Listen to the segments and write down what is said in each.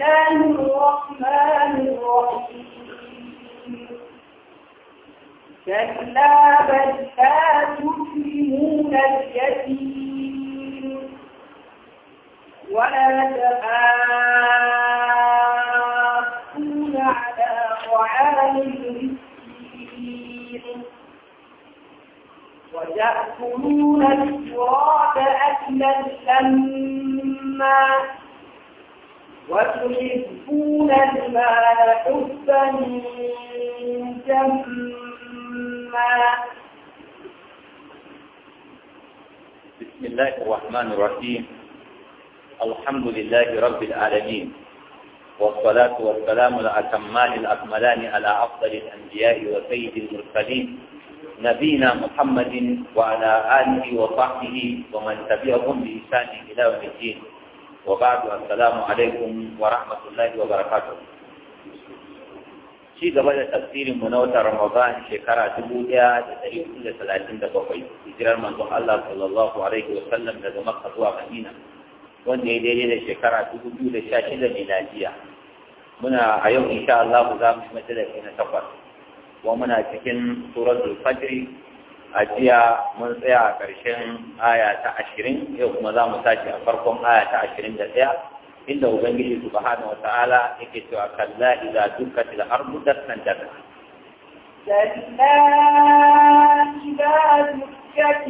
الله الرحمن الرحيم كلا بل لا تكرمون اليتيم ولا تحاضون على طعام المسكين وتأكلون التراث أكلا لما وتحبون المال حبا جما بسم الله الرحمن الرحيم الحمد لله رب العالمين والصلاة والسلام الأتمان الأكملان على أفضل الأنبياء وسيد المرسلين نبينا محمد وعلى آله وصحبه ومن تبعهم بإحسان إلى يوم الدين وبعد السلام عليكم ورحمة الله وبركاته ci gaba da tafsirin mu na watan Ramadan shekara dubu ɗaya da ɗari hudu da talatin da bakwai hijirar manzon Allah sallallahu alaihi wa sallam daga Makka zuwa Madina wanda ya daidai da shekara dubu biyu da sha shida miladiya muna a yau insha Allah za na takwas muna cikin suratul fajr a jiya mun tsaya a ƙarshen aya ta ashirin yau kuma za mu tashi a farkon aya ta ashirin da ɗaya inda ubangiji subhanahu wa ta'ala yake cewa kalla duka dukkat al ardu dakkan dakka kalla idza dukkat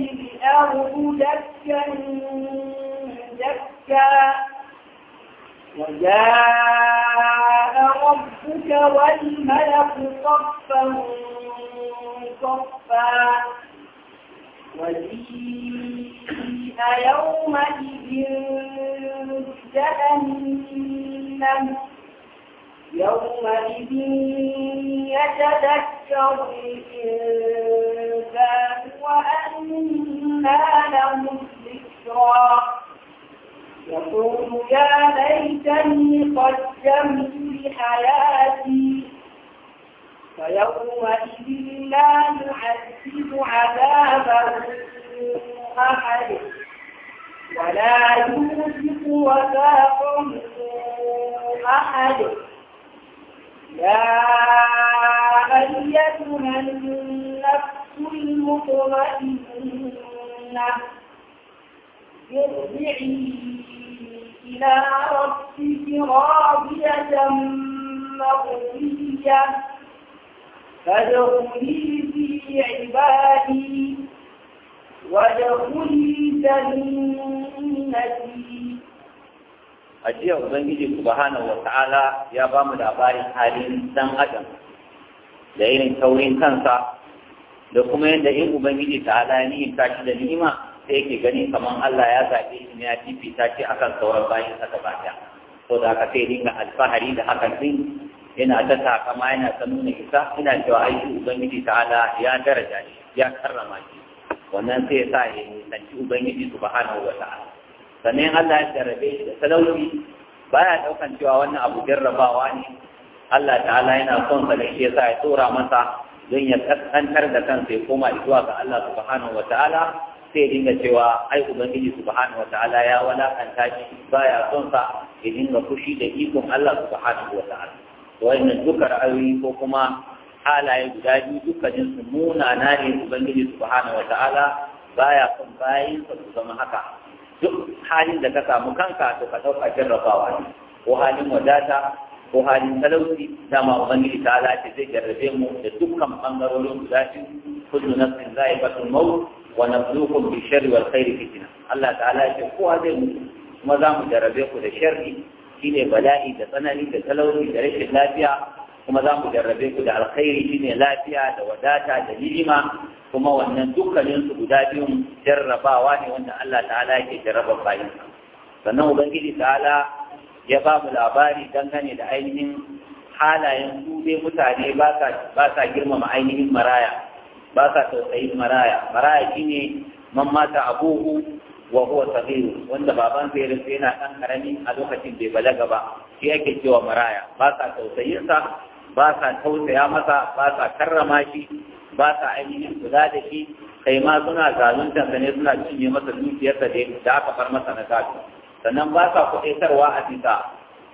al ardu dakkan dakka وجاء ربك والملك صفا صفا وجيء يومئذ جهنم يومئذ يتذكر الإنسان وأنى له الذكرى يقول يا ليتني قدمت لحياتي فيومئذ لا يعذب عذابه أحد ولا يوثق وثاقه أحد يا أيتها النفس المطمئنة ارجعي إلى ربك راضية مرضية فادخلي في عبادي وادخلي جنتي a jiya ubangiji wa ta'ala ya ba mu labarin halin dan adam da irin taurin kansa da kuma yadda in ubangiji ta'ala ya ni'imta shi da ni'ima sai yake gani kamar Allah ya zaɓe shi ne ya fifita akan sauran bayan sa gaba ɗaya da aka sai dinga alfahari da hakan din yana ta takama yana ta nuna isa ina cewa aiki ubangiji ta'ala ya daraja shi ya karrama shi wannan sai ya sa ya nisanci ubangiji subhanahu wa ta'ala sannan Allah ya jarabe shi da talauci baya daukan cewa wannan abu jarrabawa ne Allah ta'ala yana son sa da shi ya tsora masa don ya kaskantar da kansa ya koma zuwa ga Allah subhanahu wa ta'ala sai dinga cewa ai ubangiji subhanahu wataala ya walakanta shi baya son sa ya dinga fushi da ikon Allah subhanahu ta'ala. wannan duka ra'ayoyi ko kuma halaye guda biyu dukkanin su na ne ubangiji subhanahu ta'ala, baya son bayin sa su zama haka duk halin da ka samu kanka to ka dauka jarrabawa ne ko halin wadata ko halin talauci dama ubangiji ta ce zai jarrabe mu da dukkan bangarorin guda biyu kullu nafsin za'ibatul maut wa nabluukum bi sharri wal khairi fitna Allah ta'ala ce kowa zai mutu kuma za mu jarrabe ku da sharri shine bala'i da tsanani da talauci da rashin lafiya kuma za mu jarrabe ku da alkhairi shine lafiya da wadata da ni'ima kuma wannan dukkanin su guda biyun jarrabawa ne wanda Allah ta'ala yake jarraba bayin sannan ubangiji ta'ala ya ba mu labari dangane da ainihin halayen su dai mutane ba sa girmama ainihin maraya ba sa tausayin maraya maraya shine man mata abuhu wa huwa saghir wanda baban ya rinsa yana ɗan karami a lokacin bai balaga ba shi yake cewa maraya ba sa tausayin sa ba sa tausaya masa ba sa karrama shi ba sa ainihin kula da shi kai ma suna zalunta sa ne suna cinye masa dukiyarsa da da aka bar masa na gado sannan ba sa kuɗaitarwa a bisa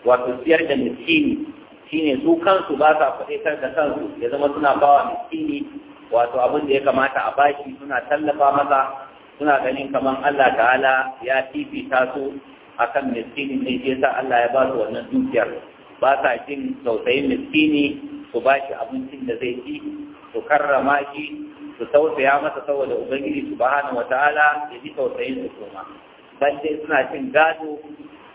wato siyar da miskini shine su kansu ba sa da kansu ya zama suna bawa miskini wato abin da ya kamata a bashi suna tallafa masa suna ganin kamar Allah ta'ala ya fifita su akan miskini ne shi yasa Allah ya ba su wannan dukiyar ba sa jin tausayin miskini su ba shi abincin da zai ci su karrama shi su tausaya masa saboda ubangiji wata wataala ya ji tausayin su kuma ban dai suna cin gado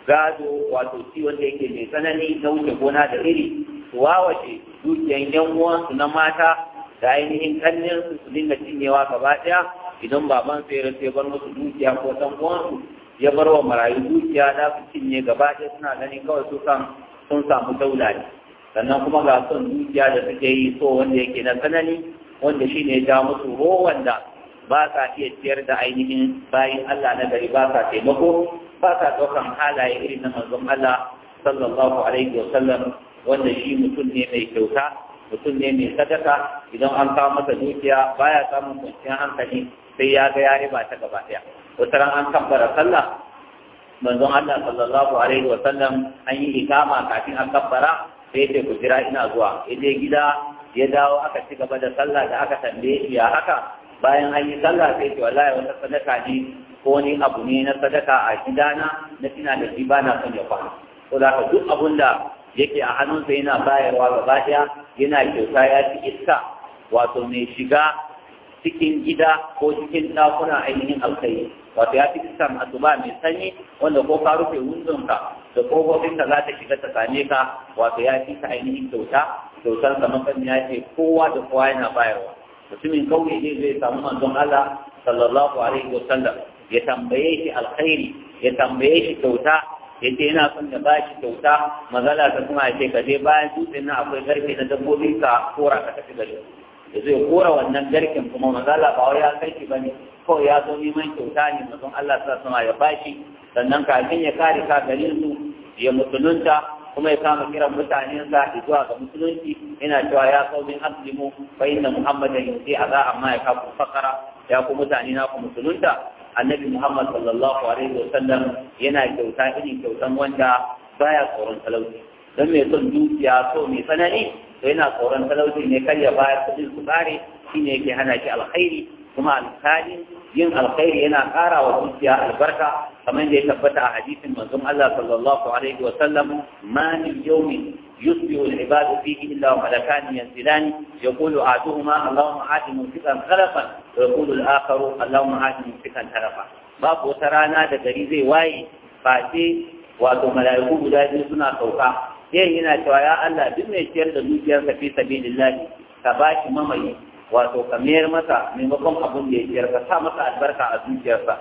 gado wato shi wanda yake mai tsanani na wuce gona da iri su wawace dukiyan yan uwansu na mata da ainihin kannin su su dinga cinyewa gaba ɗaya idan baban su ya rasu ya bar musu dukiya ko ɗan uwansu ya bar wa marayu dukiya da su cinye gaba ɗaya suna ganin kawai su kan sun samu daula ne sannan kuma ga son dukiya da suke yi so wanda yake na tsanani wanda shi ne ja musu ba sa iya ciyar da ainihin bayan Allah na gari ba sa taimako ba sa ɗaukan halaye irin na manzon Allah sallallahu alaihi wa sallam wanda shi mutum ne mai kyauta mutum ne mai sadaka idan an kawo masa dukiya baya samun kwanciyar hankali sai ya ga ya riba ta gaba daya wata an kabbara sallah manzon Allah sallallahu alaihi wa sallam an yi ikama kafin an kabbara sai ce ku jira ina zuwa ya je gida ya dawo aka ci gaba da sallah da aka tambaye shi ya haka bayan an yi sallah sai ce wallahi wata sadaka ne ko ni abu ne na sadaka a gidana na tina da shi bana son ya kwana ko da duk abun da yake a hannunsa yana bayarwa gaba ɗaya yana kyauta ya ci iska wato mai shiga cikin gida ko cikin ɗakuna ainihin alkai wato ya fi iskan asuba mai sanyi wanda ko ka rufe wundonka da ƙofofinka za ta shiga ta same ka wato ya fi ka ainihin kyauta kyautar kamar kan ya ce kowa da kowa yana bayarwa mutumin kauye ne zai samu manzon Allah sallallahu alaihi wa sallam ya tambaye shi alkhairi ya tambaye shi kyauta yadda yana son ya ba shi kyauta mazala ta kuma ya ce ka je bayan dutse na akwai garke na dabbobi ka kora ka tafi gari ya zo ya kora wannan garken kuma mazala ba wai ya kai shi bane kawai ya zo neman kyauta ne mazan Allah ta sama ya ba shi sannan kafin ya kare ka garin su ya musulunta kuma ya kama kiran mutanensa zuwa ga musulunci yana cewa ya sau min aslimu fa inna muhammadan yusi aza amma ya kafu fakara ya ku mutane na ku musulunta annabi Muhammad sallallahu alaihi wa sallam yana kyauta irin kyautan wanda baya tsoron talauci don mai son dukiya so mai tsanani to yana tsoron talauci ne kar ya bayar kudin su bare shine yake hana shi alkhairi kuma alkalin yin alkhairi yana ƙara wa zuciya albarka kamar da ya tabbata a hadisin manzon Allah sallallahu alaihi wa sallam ma min yawmin yusbihu al-ibadu fihi illa wa malakan yanzilani yaqulu ahaduhuma Allahumma aati mumsikan khalafan wa yaqulu al-akharu Allahumma aati mumsikan tarafa babu wata rana da gari zai waye face wato mala'iku guda biyu suna sauka yayin yana cewa ya Allah duk mai ciyar da zuciyarsa fi sabilillah ka bashi mamaye wato ka mayar masa maimakon abin da ya ciyar ka sa masa albarka a zuciyarsa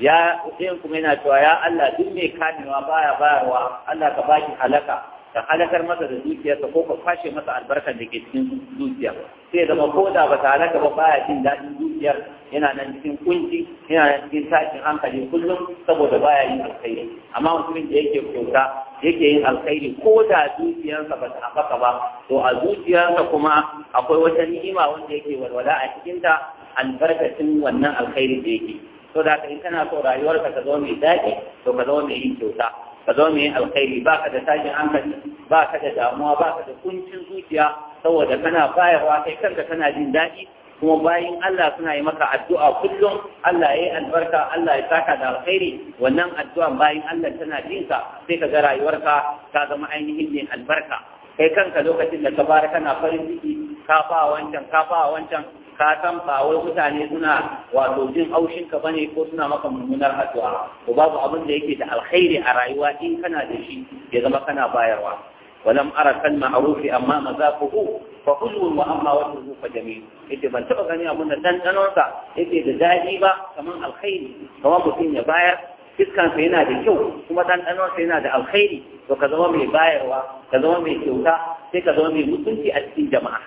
ya ɗayan kuma yana cewa ya Allah duk mai kamewa baya bayarwa Allah ka baki halaka ka halakar masa da dukiyarsa ko ka kwashe masa albarkar da ke cikin dukiya sai ya zama koda ba ta halaka ba baya jin daɗin dukiyar yana nan cikin kunci yana nan cikin tashin hankali kullum saboda baya yin alkhairi amma mutumin da yake kyauta yake yin alkhairi ko da dukiyarsa ba ta haɓaka ba to a dukiyarsa kuma akwai wata ni'ima wanda yake walwala a cikinta albarkacin wannan alkhairi da yake to da in kana so rayuwarka ta zama mai daɗi to ka zama mai yin kyauta ka zama mai alkhairi ba ka da tashin hankali ba ka da damuwa ba ka da kuncin zuciya saboda kana bayarwa kai kanka kana jin daɗi kuma bayan Allah suna yi maka addu'a kullum Allah ya yi albarka Allah ya saka da alkhairi wannan addu'a bayan Allah tana jin ka sai ka ga rayuwarka ta zama ainihin ne albarka kai kanka lokacin da ka bara kana farin ciki ka ba wancan ka ba wancan ka san ba wai mutane suna wato jin haushin ka bane ko suna maka mummunar addu'a ko babu abin da yake da alkhairi a rayuwa in kana da shi ya zama kana bayarwa walam ara kal ma'ruf amma mazaquhu fa hulwun wa amma wajhuhu fa jamil yace ban taba gani abin da dan danonsa yake da daɗi ba kaman alkhairi kamar mutum ya bayar fiskansa yana da kyau kuma dan danonsa yana da alkhairi to ka zama mai bayarwa ka zama mai kyauta sai ka zama mai mutunci a cikin jama'a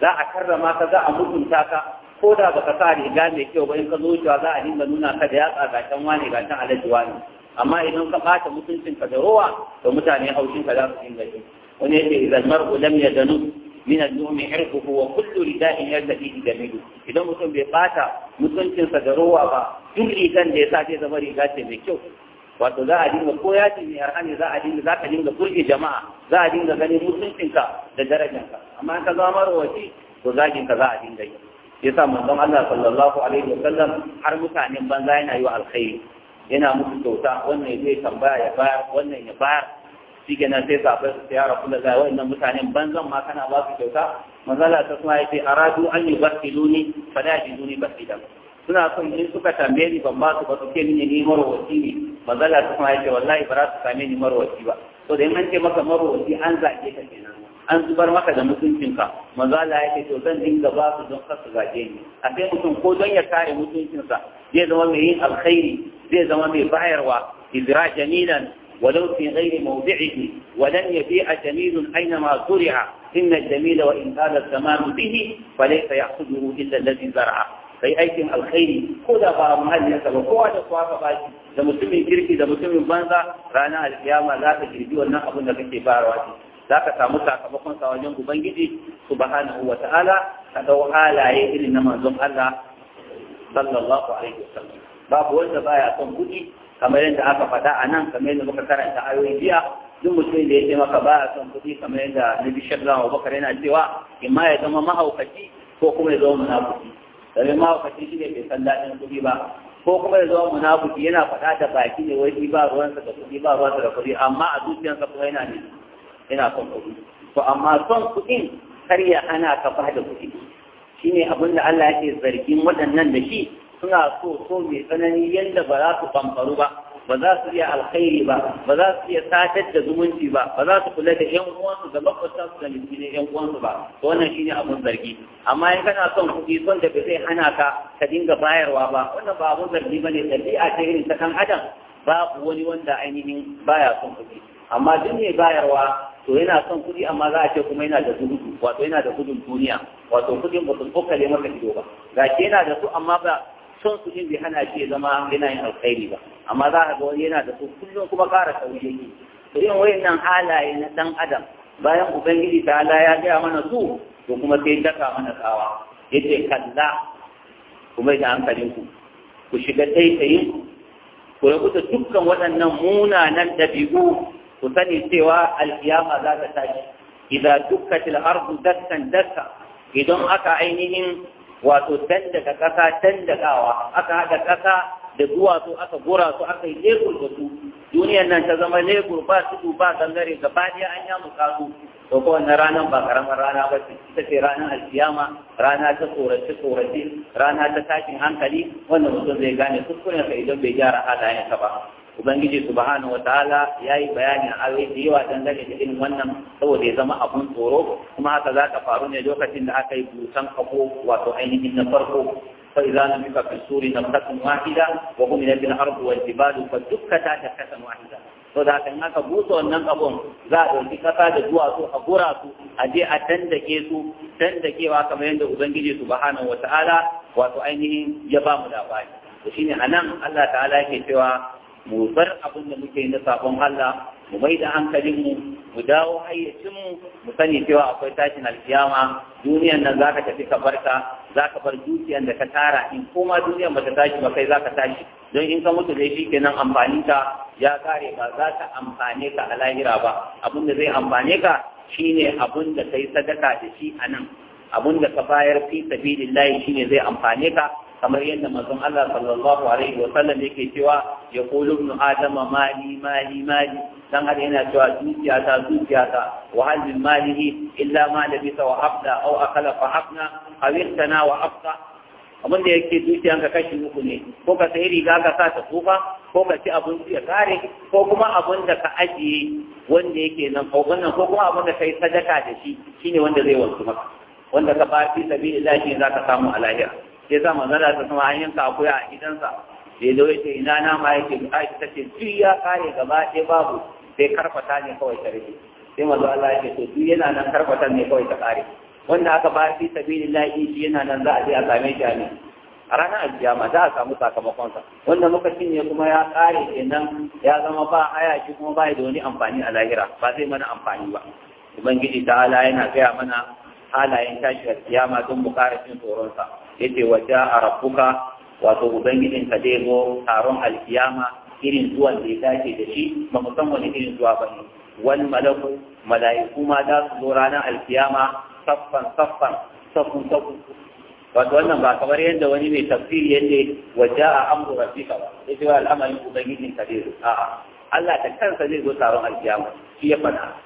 za a karrama ka za a mutunta ka ko da baka sa riga mai kyau ba in ka zo cewa za a dinga nuna ka da yatsa ga can wane ga can alaji wane amma idan ka bata mutuncin ka da rowa to mutane haushin ka za su dinga yi wani yake idan mar'u lam yadanu min al-nu'mi irfuhu wa kullu rida'in yartadi jamilu idan mutum bai bata mutuncinsa da rowa ba duk rigan da ya sa zai zama riga ce mai kyau wato za a dinga ko ya ce har harhani za a dinga za ka dinga jama'a za a dinga ganin mutuncinka da darajanka amma ka zama marwaci to zaginka za a dinga yi yasa manzon Allah sallallahu alaihi wa sallam har mutanen banza yana yi wa alkhairi yana musu kyauta wannan zai tambaya ya bayar wannan ya bayar shi kenan sai sabai su ya kula da wa'annan mutanen banza ma kana ba su kyauta manzon ta kuma ya ce aradu an yubatiluni fala yajiduni basidan suna son in suka tambaye ni ban ba su ba suke ni ni marwaci ne mazala su kuma yace wallahi ba za su same ni marwaci ba to da in an ce maka marwaci an zage ka kenan an zubar maka da mutuncinka mazala yake to zan dinga ba su don kar su zage ni a sai mutum ko don ya kare mutuncinsa zai zama mai yin alkhairi zai zama mai bayarwa izra jamilan ولو في غير موضعه ولن يبيع جميل أينما زرع إن الجميل وإن هذا التمام به فليس يحصده إلا الذي زرعه yi aikin alkhairi ko da ba muhallinsa ba kowa da kowa ka baki da mutumin kirki da mutumin banza ranar alkiyama za ka girbi wannan abin da kake farawa ce za ka samu sakamakon sa wajen ubangiji subhanahu wa ta'ala ka dau halaye irin na manzon Allah sallallahu alaihi wasallam babu wanda baya son kuɗi kamar yadda aka faɗa a nan kamar yadda muka karanta ayoyi biya duk mutum da ya ce maka ba a son kuɗi kamar yadda na bishar zama bakar yana cewa imma ya zama mahaukaci ko kuma ya zama munafuki ka mahaukaci shi ne bai san daɗin kuɗi ba ko kuma ya zama munafiki yana faɗa da baki ne wai ba sa da kuɗi ba sa da kuɗi amma a zuciyarsa kuma yana ne yana son kuɗi to amma son kuɗin kar ya ka ba da kuɗi shi ne abin da Allah yake zargin waɗannan da shi suna so so mai tsanani yadda ba za su bambaru ba ba za su iya alkhairi ba ba za su iya satar da zumunci ba ba za su kula da yan uwansu da makwabta su da miskinai yan uwansu ba to wannan shine abun zargi amma in kana son kuɗi son da ba zai hana ka ka dinga bayarwa ba wannan ba abun zargi ne ɗabi'a ta irin ta kan adam babu wani wanda ainihin baya son kuɗi amma duk mai bayarwa to yana son kuɗi amma za a ce kuma yana da zuhudu wato yana da gudun duniya wato kuɗin ba su kokale maka ido ba ga yana da su amma ba son su din bai hana shi ya zama yana yin alkhairi ba amma za ga wani yana da su kullum kuma ƙara sauri yake to irin wayannan halaye na dan adam bayan ubangiji ta ala ya gaya mana su to kuma sai daka mana tsawa yace kalla kuma da hankalinku ku shiga taitayin ku rabu da dukkan waɗannan munanan dabi'u ku sani cewa alkiyama za ta tashi idza dukkatil ardu dakkan dakka idan aka ainihin wato dandaka ƙasa dandakawa aka haɗa ƙasa da duwatsu aka gura su aka yi lebur da su duniyar nan ta zama lebur ba tudu ba gangare gaba ɗaya an yamu kasu to ko wannan ranar ba karamar rana ba ce ita ce ranar alkiyama rana ta tsorace tsorace rana ta tashin hankali wannan mutum zai gane kuskuren sa idan bai gyara halayen sa ba ubangiji subhanahu ya yi bayani a ayoyi da yawa dangane da irin wannan saboda ya zama abun tsoro kuma haka za ta faru ne lokacin da aka yi busan kafo wato ainihin na farko فإذا نفخ في السور نفخة واحدة وهملت ta والجبال فدكتا دكة واحدة saboda in aka busa wannan abun za a ɗauki ƙasa da duwatsu a gura su a je a dandake su dandakewa kamar yadda ubangiji subhanahu wata'ala wato ainihin ya ba mu labari to shine anan Allah ta'ala yake cewa mu bar abin da muke na sabon Allah mu mai da hankalinmu mu dawo hayyacinmu mu sani cewa akwai tashin alkiyama Duniyar nan zaka tafi ka barka zaka bar dukiyan da ka tara in koma duniyan bata tashi ba kai zaka tashi don in ka mutu dai shikenan amfani ka ya kare ba za ka amfane ka a lahira ba abin da zai amfane ka shine abin da kai sadaka da shi a nan abin da ka bayar fi sabilillahi shine zai amfane ka kamar yadda mazan Allah sallallahu alaihi wasallam yake cewa ya kolo ibn adama mali mali mali dan har yana cewa zuciya ta zuciya ta wa halin min malihi illa ma bisa wa abda aw akala fa habna aw ihtana wa abqa abin da yake dukiyanka kashi uku ne ko ka sai riga ka sa ta tsufa ko ka ci abinci ya kare ko kuma abin da ka ajiye wanda yake nan ko ko kuma abin da kai sadaka da shi shine wanda zai wanzu maka wanda ka ba fi sabilillah shi zaka samu a lahira sai sa manzara ta sama an yanka akuya a gidansa da ya ya ce ina nama yake da aiki ta ce duk ya kare gaba ɗaya babu sai karfata ne kawai ta rage sai mazu Allah ya ce to duk yana nan karfata ne kawai ta kare wanda aka ba fi sabili lahi shi yana nan za a je a same shi a ne a ranar alkiyama za a samu sakamakonsa wanda muka cinye kuma ya kare kenan ya zama ba haya shi kuma ba da wani amfani a lahira ba zai mana amfani ba ubangiji ta'ala yana gaya mana halayen tashi alkiyama don mu cin tsoronsa yace wa ja'a rabbuka wato ubangijin ka zai zo taron alkiyama irin zuwa da ya dace da shi ba mu san wani irin zuwa ba ne wal malaku mala'iku ma za su zo ranar alkiyama saffan saffan saffun saffun wato wannan ba kamar yadda wani mai tafsiri yadda wa ja'a amru rabbika ba yace wa al'amarin ubangijin ka zai zo a'a Allah da kansa zai zo taron alkiyama shi ya fada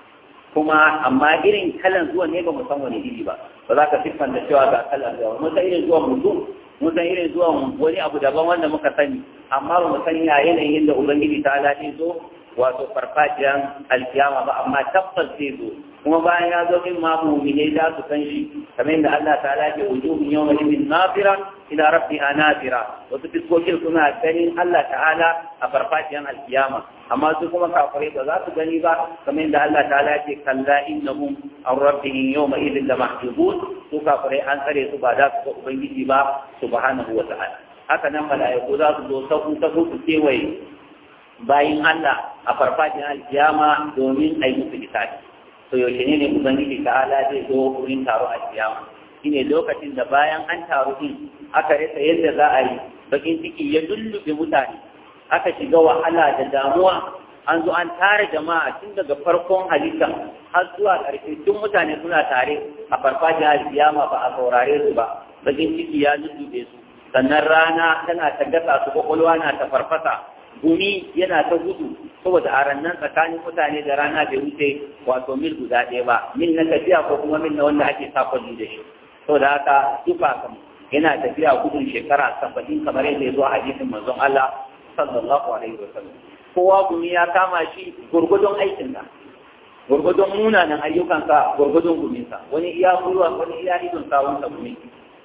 kuma amma irin kalan zuwan ne ba mu san wani iri ba ba za ka siffan da cewa ga kalan zuwa mun san irin zuwan mutum mun san irin zuwan wani abu daban wanda muka sani amma ba mu san ya yanayin da ubangiji ta ala zo wato farfajiyan alkiyama ba amma tabbas zai zo kuma bayan ya zo din ma mu'mine za su san shi kamar yadda Allah ta'ala ke wujuhun yawma idin nazira ila rabbiha nazira wasu fiskokin suna ganin Allah ta'ala a farfajiyan alkiyama amma su kuma kafirai ba za su gani ba kamar yadda Allah ta'ala ke kalla innahum an rabbihim yawma idin da mahjubun su kafirai an tsare su ba za su ga ubangiji ba subhanahu wa ta'ala haka nan mala'iku za su zo sahu sahu su kewaye bayin Allah a farfajin alkiyama domin a yi musu hisabi to yaushe ne ne ubangiji ta ala zai zo wurin taro alkiyama ne lokacin da bayan an taru din aka rasa yadda za a yi bakin ciki ya lullube mutane aka shiga wahala da damuwa an zo an tara jama'a tun daga farkon halitta har zuwa ƙarshe tun mutane suna tare a farfajin alkiyama ba a saurare su ba bakin ciki ya lullube su sannan rana tana ta gasa su kwakwalwa na ta farfasa gumi yana ta gudu saboda a rannan tsakanin mutane da rana bai wuce wato mil guda ɗaya ba mil na tafiya ko kuma mil na wanda ake sa kwalli da shi saboda haka dufa kan yana tafiya gudun shekara saba'in kamar yadda ya zo a hadisin manzon Allah sallallahu alaihi wa sallam kowa gumi ya kama shi gurgudun aikinsa gurgudun munanan ayyukansa gurgudun guminsa wani iya gwiwa wani iya idon sawunsa gumi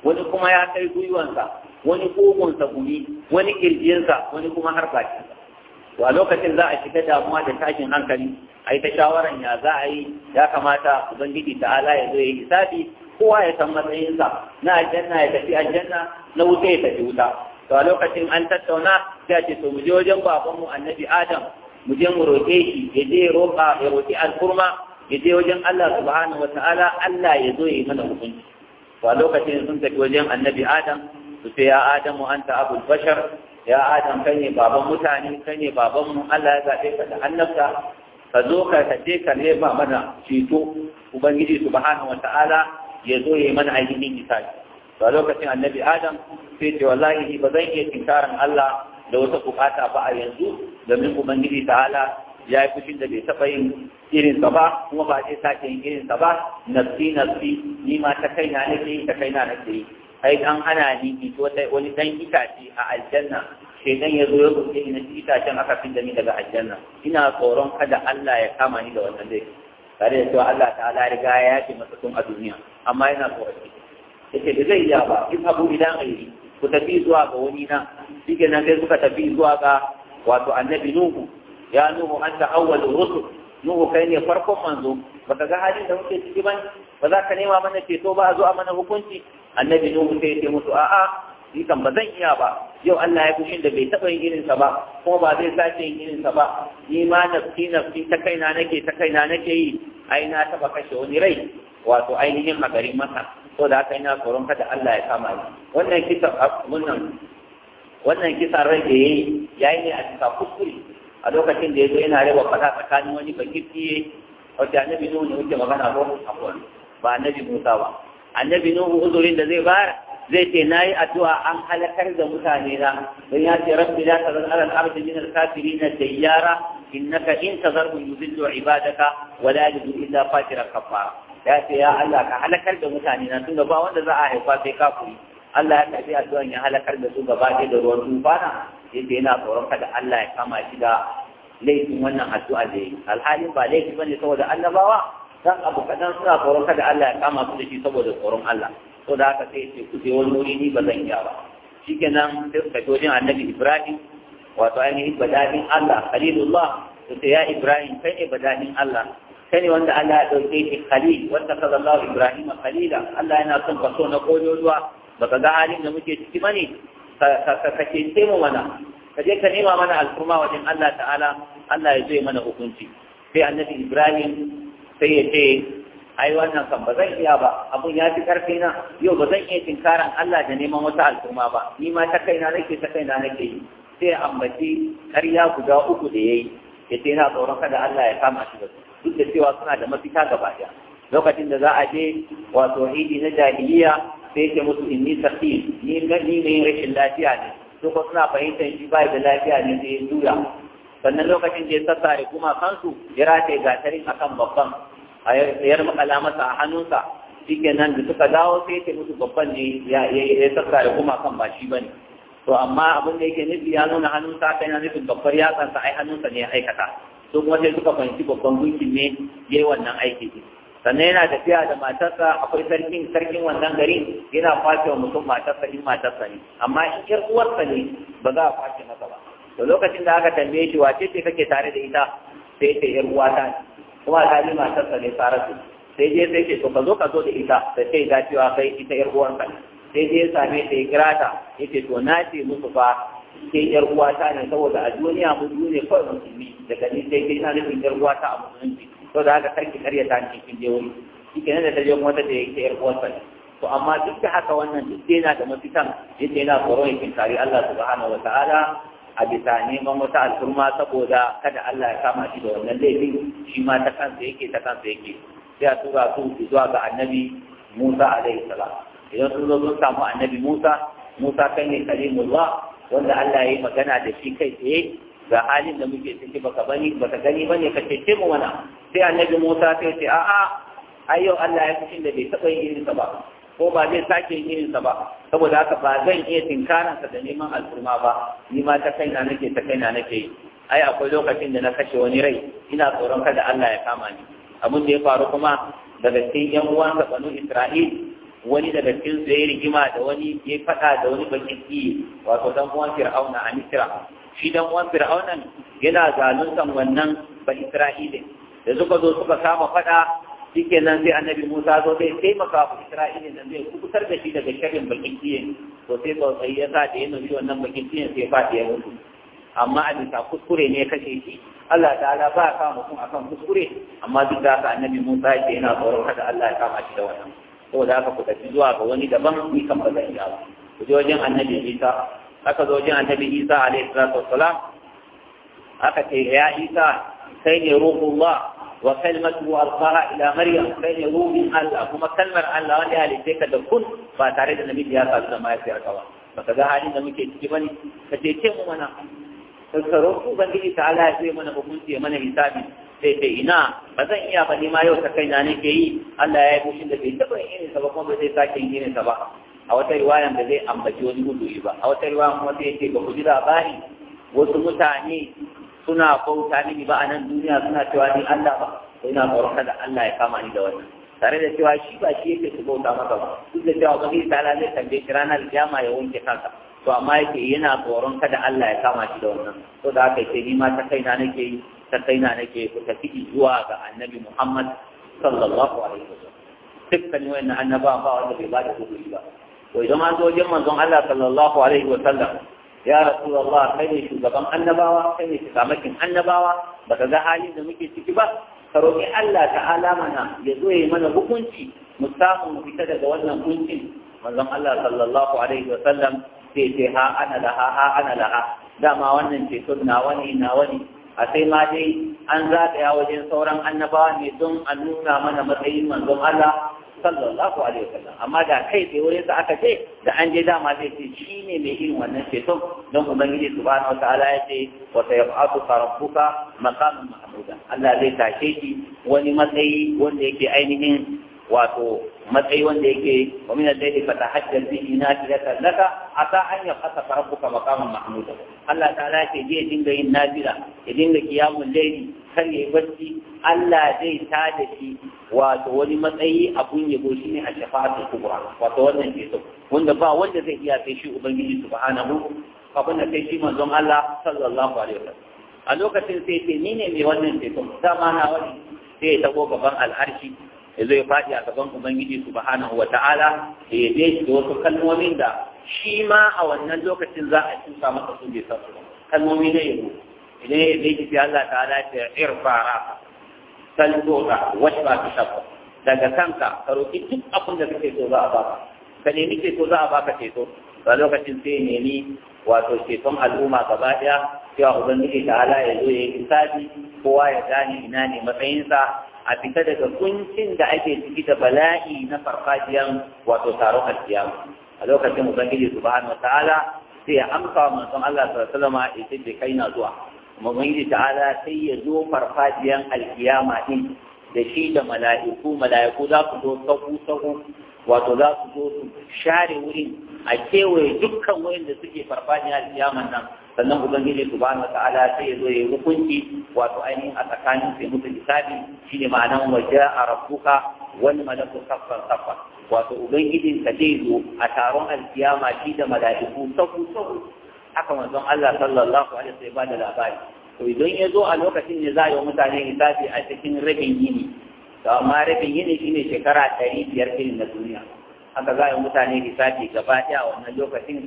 wani kuma ya kai gwiwansa wani kogonsa guri wani kirjinsa wani kuma har bakinsa to a lokacin za a shiga damuwa da tashin hankali a yi ta shawaran ya za a yi ya kamata ubangiji ta ala ya zo ya yi hisabi kowa ya san matsayinsa na aljanna ya tafi aljanna na wuta ya tafi wuta to a lokacin an tattauna sai ce to mu je wajen babanmu annabi adam mu je mu roƙe shi ya je roƙa ya roƙi alkurma ya je wajen Allah subhanahu wa ta'ala Allah ya zo ya yi mana hukunci to a lokacin sun tafi wajen annabi adam su ce ya adamu ta abul bashar ya adam kai ne baban mutane kai ne baban mu Allah ya zabe ka da annabta ka zo ka tace ka ne ba mana ceto ubangiji subhanahu wataala ya zo ya mana ainihin hisabi to lokacin annabi adam sai ce wallahi ba zan iya tinkarin Allah da wata bukata ba a yanzu domin ubangiji ta'ala ya yi fushin da bai taɓa yin irinsa ba kuma ba zai sake yin irinsa ba nafsi nafsi ni ma ta kaina nake yi ta kaina nake yi ai an ana ni ki sai wani dan itace a aljanna sai dan yazo ya roƙe ni na itacen aka fi da ni daga aljanna ina tsoron kada Allah ya kama ni da wannan dai tare da cewa Allah ta'ala riga ya yace masa tun a duniya amma yana tsoron yace da zai iya ba in abu idan ayi ku tafi zuwa ga wani na shi sai suka tafi zuwa ga wato annabi nuhu ya nuhu anta awwalur rusul nuhu kai ne farkon manzo baka ga halin da muke ciki ba ba za ka nema mana ceto ba a zo a mana hukunci annabi nuhu sai ya ce musu a'a ni kan ba zan iya ba yau Allah ya fushin da bai taɓa yin irinsa ba kuma ba zai sace yin irinsa ba ni ma nafsi nafsi ta kaina nake ta kaina nake yi ai na taɓa kashe wani rai wato ainihin a garin masa so da haka ina tsoron kada Allah ya kama ni wannan kisa wannan wannan kisa rai da yayi yayi ne a cikin kuskure a lokacin da yazo yana raba fada tsakanin wani bakirtiye wato annabi nuhu ne yake magana ko akwai ba annabi Musa ba annabi nuhu uzurin da zai bayar zai ce nayi addu'a an halakar da mutane na dan ya ce rabbi la tazal ala al-ardi min al-kafirin dayyara innaka in tazarhu yuzillu ibadaka wa la yajidu illa fatira kafara ya ce ya Allah ka halakar da mutane na tunda ba wanda za a haifa sai kafiri Allah ya karbi addu'an ya halakar da su gaba da ruwan tufana yace yana tsoron kada Allah ya kama shi da laifin wannan addu'a da yi alhalin ba laifi bane saboda annabawa dan abu kadan suna tsoron kada Allah ya kama su da shi saboda tsoron Allah to da haka sai ce ku je wani wuri ni ba zan iya ba shikenan sai suka wajen annabi Ibrahim wato ainihin badadin Allah khalilullah to sai ya Ibrahim kai ne badadin Allah kai ne wanda Allah ya dauke shi khalil wanda kaza Allah Ibrahim khalila Allah yana son ka so na koyoyuwa baka ga halin da muke ciki bane ka ka ce mu mana ka je ka nema mana alfurma wajen Allah ta'ala Allah ya zo mana hukunci sai annabi Ibrahim sai ya ce ai wannan kan ba zan iya ba abun ya fi karfi na yau ba zan iya tinkaran Allah da neman wata al'umma ba ni ma ta kaina nake ta kaina nake yi sai ya ambaci ƙarya guda uku da yayi ya ce yana tsoron kada Allah ya kama shi da su duk da cewa suna da mafita gaba ɗaya lokacin da za a je wato idi na jahiliya sai ke musu inni sarki ni ni ne rashin lafiya ne su ko suna fahimtar shi bai da lafiya ne sai ya juya sannan lokacin da ya sassare kuma kansu ya rataye gatarin akan babban a yar makala masa a hannunsa shi nan da suka dawo sai ce musu babban ne ya sassa da kuma kan ba shi bane to amma abin da yake nufi ya nuna hannunsa kan yana nufin babbar yatsansa ai hannunsa ne ya aikata to kuma sai suka fahimci babban gunkin ne ya yi wannan aiki sannan yana tafiya da matarsa akwai sarkin sarkin wannan garin yana kwace wa mutum matarsa in matarsa ne amma in ƴar uwarsa ne ba za a kwace masa ba to lokacin da aka tambaye shi wace ce kake tare da ita sai ta ƴar uwata ne kuma alhali matarsa ne saratu sai je sai ce to ka zo ka zo da ita da sai da cewa kai ita yar uwarka sai je ya same ta ya kira ta yace to na ce musu fa ke yar uwata ne saboda a duniya mu ne kawai musulmi daga ni sai ke na nufin yar uwata a musulunci to da haka karki karya ta cikin je wuri shike ne da ta je kuma ta ce ita yar uwarsa ne to amma duk da haka wannan duk yana da mafitan yadda yana tsoron yakin kare Allah subhanahu wa ta'ala a bisa neman wata alfurma saboda kada Allah ya kama shi da wannan laifin shi ma ta kansa yake ta kansa yake sai a tura su zuwa ga annabi Musa alaihi salam idan sun zo sun samu annabi Musa Musa kai ne kalimullah wanda Allah ya yi magana da shi kai tsaye ga halin da muke ciki baka bani baka gani bane ka ce mu mana sai annabi Musa sai ce a'a a yau Allah ya fushin da bai taba yin irinsa ba ko ba zai sake irinsa ba saboda haka ba zan iya tinkaransa da neman alfurma ba ni ma ta kaina nake ta kaina nake ai akwai lokacin da na kashe wani rai ina tsoron kada Allah ya kama ni abin da ya faru kuma daga cikin yan uwansa banu Isra'il wani daga cikin su ya rigima da wani ya faɗa da wani bakin ki wato dan uwan Fir'auna a Misra shi dan uwan fir'auna yana zaluntan wannan ba Isra'ilin da suka zo suka kama faɗa nan sai annabi Musa zo zai taimaka ku Isra'ila nan zai kubutar da shi daga sharrin bakin kiyen to sai tsautsayi ya sa da ya nufi wannan bakin kiyen sai fadi ya mutu amma a bisa kuskure ne kashe shi Allah ta'ala ba ka mutum kan kuskure amma duk da haka annabi Musa yake yana tsoron kada Allah ya kama shi da wannan saboda haka ku tafi zuwa ga wani daban ni kan ba zan iya ba ku je wajen annabi Isa aka zo wajen annabi Isa alaihi salatu wassalam aka ce ya Isa kai ne ruhullah وكلمته ألقاها إلى مريم بين روح الله كما كلمة الله وأن أهل البيت تكون فتعرض النبي يا صلى الله عليه وسلم فكذا هذه النبي تجيبني فتيتم منا فكروك بنجي تعالى mana منا بكونتي منا حسابي sai ce ina ba zan iya ba ma yau ta kai kaina nake yi Allah ya yi bushin da bai taɓa yin sa ba kuma ba zai sake yin sa ba a wata riwayan ba zai ambaci wani gudu ba a wata riwayan kuma sai ce ba ku ji labari wasu mutane suna bauta mini ba a nan duniya suna cewa ni Allah ba to ina tsoron kada Allah ya kama ni da wannan tare da cewa shi ba shi yake su bauta maka ba duk da cewa ubangiji ta zai tambaye shi ranar kiyama ya wanke kansa to amma yake yana tsoron kada Allah ya kama shi da wannan to da haka yake ni ma ta kaina nake yi ta kaina nake yi? ku tafi zuwa ga annabi Muhammad sallallahu alaihi wasallam dukkan wayannan annabawa ba wanda bai ba da hukumi ba to idan an zo wajen manzon Allah sallallahu alaihi wasallam ya rasulullah kai ne shugaban annabawa kai ne shugabakin annabawa baka ga halin da muke ciki ba ka roƙi Allah ta'ala mana ya zo yi mana hukunci mu samu mu fita daga wannan hukuncin manzon Allah sallallahu alaihi wa sallam sai ce ha ana laha ha ana laha dama wannan ce sun nawa ne nawa ne a sai ma dai an zagaya wajen sauran annabawa ne don a nuna mana matsayin manzon Allah sallallahu alaihi wasallam amma da kai tsaye wurin sa aka ce da an je dama zai ce shine mai irin wannan ceton don ubangiji subhanahu ta'ala ya ce wa sayab'atu rabbuka maqaman mahmuda Allah zai tashe shi wani matsayi wanda yake ainihin wato matsayi wanda yake wa min al-layli fatahajjal bihi nafilatan laka asa an yaqata rabbuka maqaman mahmuda Allah ta'ala ya ce je dinga yin nafila ya dinga qiyamul layli kar ya yi barci Allah zai ta da shi wato wani matsayi abun yabo shi ne a shafa'atul kubra wato wannan ceto wanda ba wanda zai iya sai shi ubangiji subhanahu abin da kai shi manzon Allah sallallahu alaihi wasallam a lokacin sai ce ni ne mai wannan ceto dama na wani sai ya tago gaban al'arshi ya zo ya faɗi a gaban ubangiji subhanahu wa ta'ala da ya je da wasu kalmomin da shi ma a wannan lokacin za a cinta masa su bai san su kalmomi na yabo idan ya yi sai Allah ta ala ta irfa rafa salto ka ba ka shafa daga kanka ka roki duk abin da kake so za a baka ka nemi ke so za a baka ceto a lokacin sai nemi wato ceton al'umma gaba daya cewa ubangiji ta ala ya zo ya yi hisabi kowa ya gane ina ne matsayinsa a fita daga kuncin da ake ciki da bala'i na farfajiyan wato taron alkiyama a lokacin ubangiji subhanahu wataala sai ya amsa wa manzon Allah sallallahu alaihi wasallam ya ce kai na zuwa mabangiji ta'ala sai ya zo farfajiyan alkiyama din da shi da mala'iku mala'iku za su zo sahu sahu wato za su zo su share wurin a kewaye dukkan da suke farfajiyan alkiyama nan sannan ubangiji subhanahu ta'ala sai ya zo ya yi hukunci wato ainihin a tsakanin sai mutu shi shine ma'anan waja a rabbuka wal malaku saffan saffan wato ubangijin ka zai zo a taron alkiyama shi da mala'iku sahu sahu haka manzon Allah sallallahu alaihi wasallam ba da labari to idan ya zo a lokacin ne za a yi mutane hisabi a cikin rabin yini to amma rabin yini shine shekara ɗari biyar irin na duniya haka za a yi mutane hisabi gaba ɗaya a wannan lokacin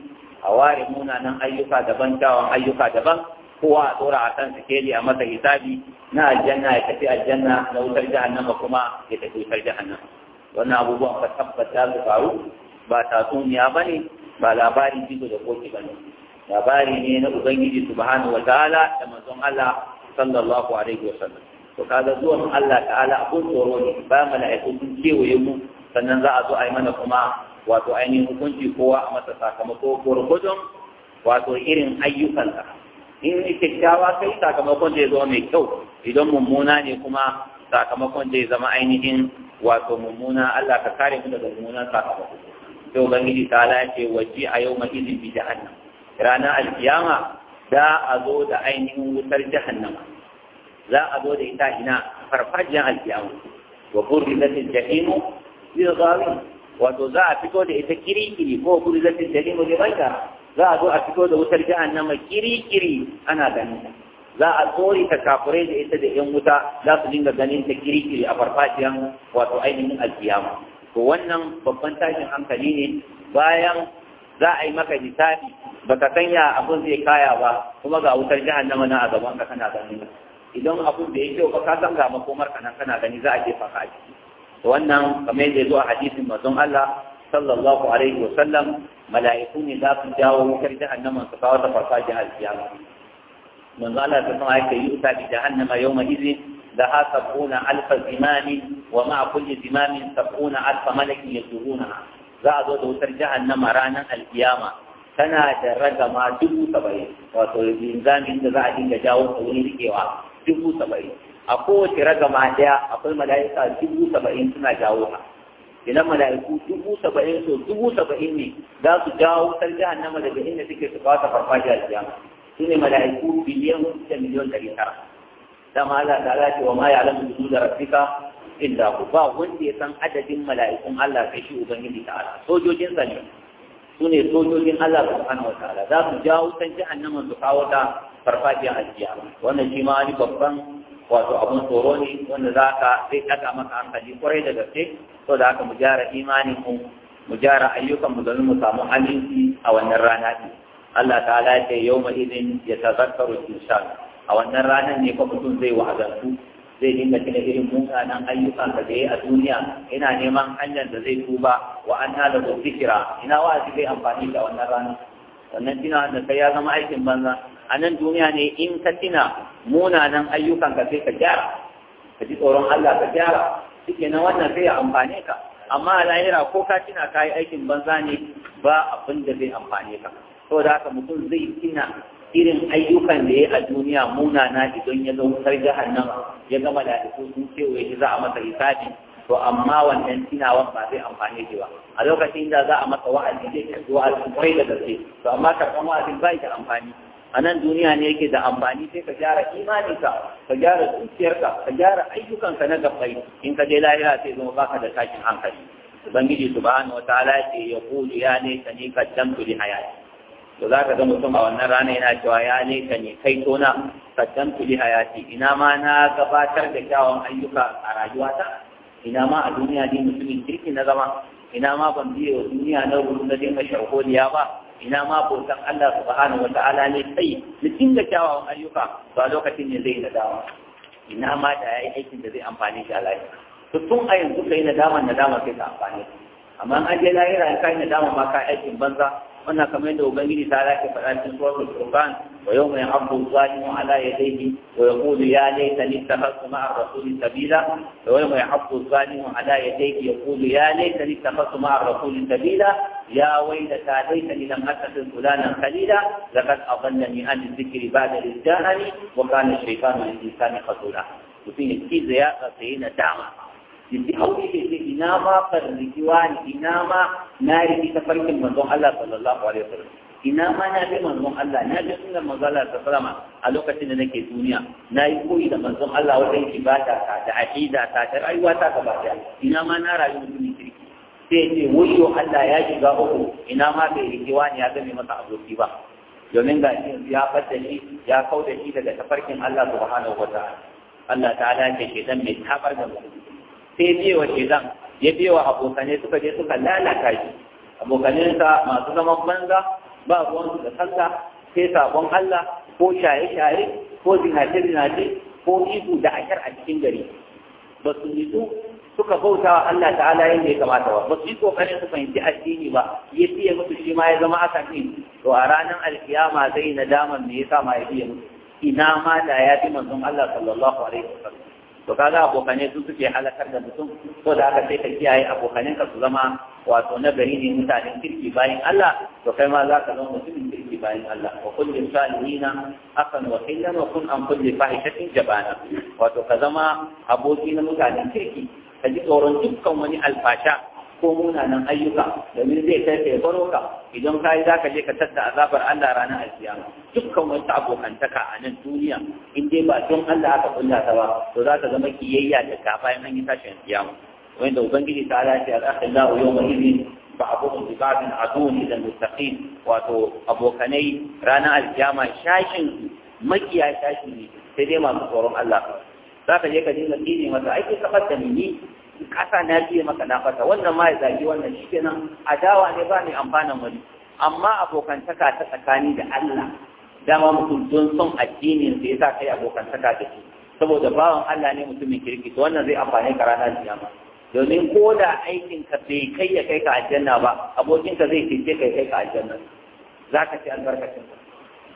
a ware munanan ayyuka daban kyawun ayyuka daban kowa a tsora a kan sikeli a masa hisabi na aljanna ya tafi aljanna na wutar jahannama kuma ya tafi wutar jahannama wannan abubuwan ka tabbata su faru ba tatsuniya ba ne ba labarin jigo da koki ba ne labari ne na ubangiji subhanahu wa ta'ala da manzon Allah sallallahu alaihi wa sallam to kaga zuwan Allah ta'ala abun tsoro ne ba mala'iku sun kewaye mu sannan za a zo a yi mana kuma wato ainihin hukunci kowa a masa sakamako gurgudun wato irin ayyukanta. in kyakkyawa kai sakamakon zai zama mai kyau idan mummuna ne kuma sakamakon zai zama ainihin wato mummuna Allah ka kare mu daga mummunan sakamako sai ubangiji ta lace waje a yau ma izin bi jahannam ranar alkiyama za a zo da ainihin wutar jahannama za a zo da ita ina farfajiyar alkiyama wa burrizatil jahimu lil ghawin wato za a fito da ita kirikiri ko burrizatil jahimu lil baita za a zo a fito da wutar jahannama kirikiri ana ganin ta za a tsori ta kafurai da ita da yan wuta za su dinga ganin ta kirikiri a farfajiyar wato ainihin alkiyama to wannan babban tashin hankali ne bayan za a yi maka lissafi baka sanya abun zai kaya ba kuma ga wutar jahannama na a gaban ka kana gani idan abun da ya kyau ba ka san ga makomar ka nan kana gani za a jefa ka a ciki to wannan kamar yadda ya zo a hadisin manzon Allah sallallahu alaihi wa sallam mala'iku ne za su jawo wutar jahannama su kawo ta farfajin alkiyama manzon Allah ta san ake yi ta bi jahannama yawma idin لها سبعون ألف زمام ومع كل زمام سبعون ألف ملك يجرونها زادوا دوتر جهنم رانا القيامة tana da ragama dubu saba'in wato linzamin da za a dinga jawo ta wurin rikewa dubu saba'in a kowace ragama ɗaya akwai mala'ika dubu saba'in suna jawo ta idan mala'iku dubu saba'in so dubu saba'in ne za su jawo wutar jahannama daga inda suke su kawo ta farfajiyar kiyama su ne mala'iku biliyan da miliyan ɗari tara dama Allah ta ala cewa ma ya alamu dubu da rafika illa ku ba wanda ya san adadin mala'ikun Allah sai shi ubangiji ta'ala sojojin sa ne su ne sojojin Allah subhanahu wa ta'ala za su ja wutan jahannama su kawo ta farfajiyar ajiya wannan shi ma wani babban wato abun tsoro ne wanda za ka zai ɗaga maka hankali kwarai da gaske so da haka mu gyara imanin mu mu gyara ayyukan mu domin mu samu aminci a wannan rana ne Allah ta'ala ya ce yau ma izin ya tazakkaru a wannan ranar ne fa mutum zai wa'azantu zai dinga tuna irin munanan ayyuka da zai a duniya ina neman hanyar da zai tuba wa an hada da zikira ina wa zai amfani da wannan rana wannan tina da kai ya zama aikin banza a nan duniya ne in ka tina munanan ayyukan ka sai ka gyara ka ji tsoron Allah ka gyara shike na wannan zai amfane ka amma a lahira ko ka tina ka yi aikin banza ne ba abin da zai amfane ka saboda haka mutum zai tina irin ayyukan da ya a duniya na idan ya zo wutar jahannama ya gama da sun kewaye shi za a masa hisabi to amma wannan tunawan ba zai amfani shi ba a lokacin da za a masa wa'azi zai zuwa wa'azi kai da gaske to amma karban wa'azi ba da amfani a nan duniya ne yake da amfani sai ka gyara imaninka ka gyara zuciyarka ka gyara ayyukanka na gabbai in ka je lahira sai zama baka da takin hankali ubangiji subhanahu wataala ya ce ya kulu ya ne ka ni kaddamtu li hayati to za ka ga mutum a wannan rana yana cewa ya leka ne kai tona fattan fili hayati ina ma na gabatar da kyawun ayyuka a rayuwata ina ma a duniya ne mutumin kirki na zama ina ma ban biye wa duniya na wuri na dinga sharholiya ba ina ma bautan Allah subhanahu wa ta'ala ne sai mu dinga kyawun ayyuka to a lokacin ne zai nadama? ina ma da ya yi aikin da zai amfani shi a lafiya to tun a yanzu kai nadama nadama sai ka amfani amma an je lahira in kai nadama ma ka aikin banza wannan kamar yadda ubangiji ta lake faɗa cikin suratul furqan wa yawma ya'abdu zalimu ala yadayhi wa yaqulu ya laitani ittakhadtu ma'a rasuli sabila wa yawma ya'abdu zalimu ala yadayhi yaqulu ya laitani ittakhadtu ma'a rasuli sabila ya waylata laitani lam attakhidh fulanan khalila laqad adallani an dhikri ba'da idh ja'ani wa kana shaytanu lil insani khazula mutum ya kiza ya tsaye na dama yanzu haushi ke ce ina ma farnikiwa ne ina ma na riki ta farkin manzon Allah sallallahu alaihi wasallam ina ma na bi manzon Allah na bi sunan manzon Allah ta salama a lokacin da nake duniya na yi koyi da manzon Allah wajen ibada ta ta aqida ta ta rayuwa ta gaba ɗaya ina ma na rayu mutumin kirki sai ce wuyo Allah ya shiga uku ina ma bai rikiwa ne ya zame masa aboki ba domin ga shi ya fadda shi ya kauda shi daga tafarkin Allah subhanahu wa ta'ala Allah ta'ala ke dan mai tabar da mutum sai biye wa shedan ya biye wa abokane suka je suka lalata shi abokanensa masu zaman banza ba ruwansu da sallah sai sabon Allah ko shaye-shaye ko zinace-zinace ko ihu da ashar a cikin gari ba su nisu suka bauta wa Allah ta'ala yadda ya kamata ba ba su yi kokarin su fahimci addini ba ya fiye musu shi ma ya zama aka fi to a ranar alkiyama zai nadaman me yasa ma ya fiye musu ina ma da ya fi manzon Allah sallallahu alaihi wasallam to kaga abokane su suke halakar da mutum to da haka sai ka kiyaye abokanen ka su zama wato na gari ne mutanen kirki bayan Allah to kai ma za ka zama mutumin kirki bayan Allah wa kulli salihina akan wa hillan wa kun an kulli fahishatin jabana wato ka zama aboki na mutanen kirki ka ji tsoron dukkan wani alfasha ko munanan ayyuka domin zai kai kai baro ka idan kai za ka je ka tadda azabar Allah ranar alkiyama dukkan wata abokantaka a nan duniya in dai ba don Allah aka kulla ta ba to za ta zama kiyayya da ka bayan an yi tashin alkiyama da ubangiji ta ala ce al-akhillahu yawma ba abokan li a adun lil muttaqin wato abokanai ranar alkiyama shashin makiya shashi ne sai dai masu tsoron Allah za ka je ka dinga kine masa aiki ka da ni kasa na biye maka na fata wannan ma ya zagi wannan shikenan adawa ne ba ne amfanin wani amma abokantaka ta tsakani da Allah dama mutum don son addinin da yasa kai abokantaka da shi saboda bawan Allah ne mutumin kirki to wannan zai amfane ka ranar kiyama domin ko da aikin ka bai kai ya kai ka aljanna ba abokin ka zai cece kai kai ka aljanna zaka ci albarkacin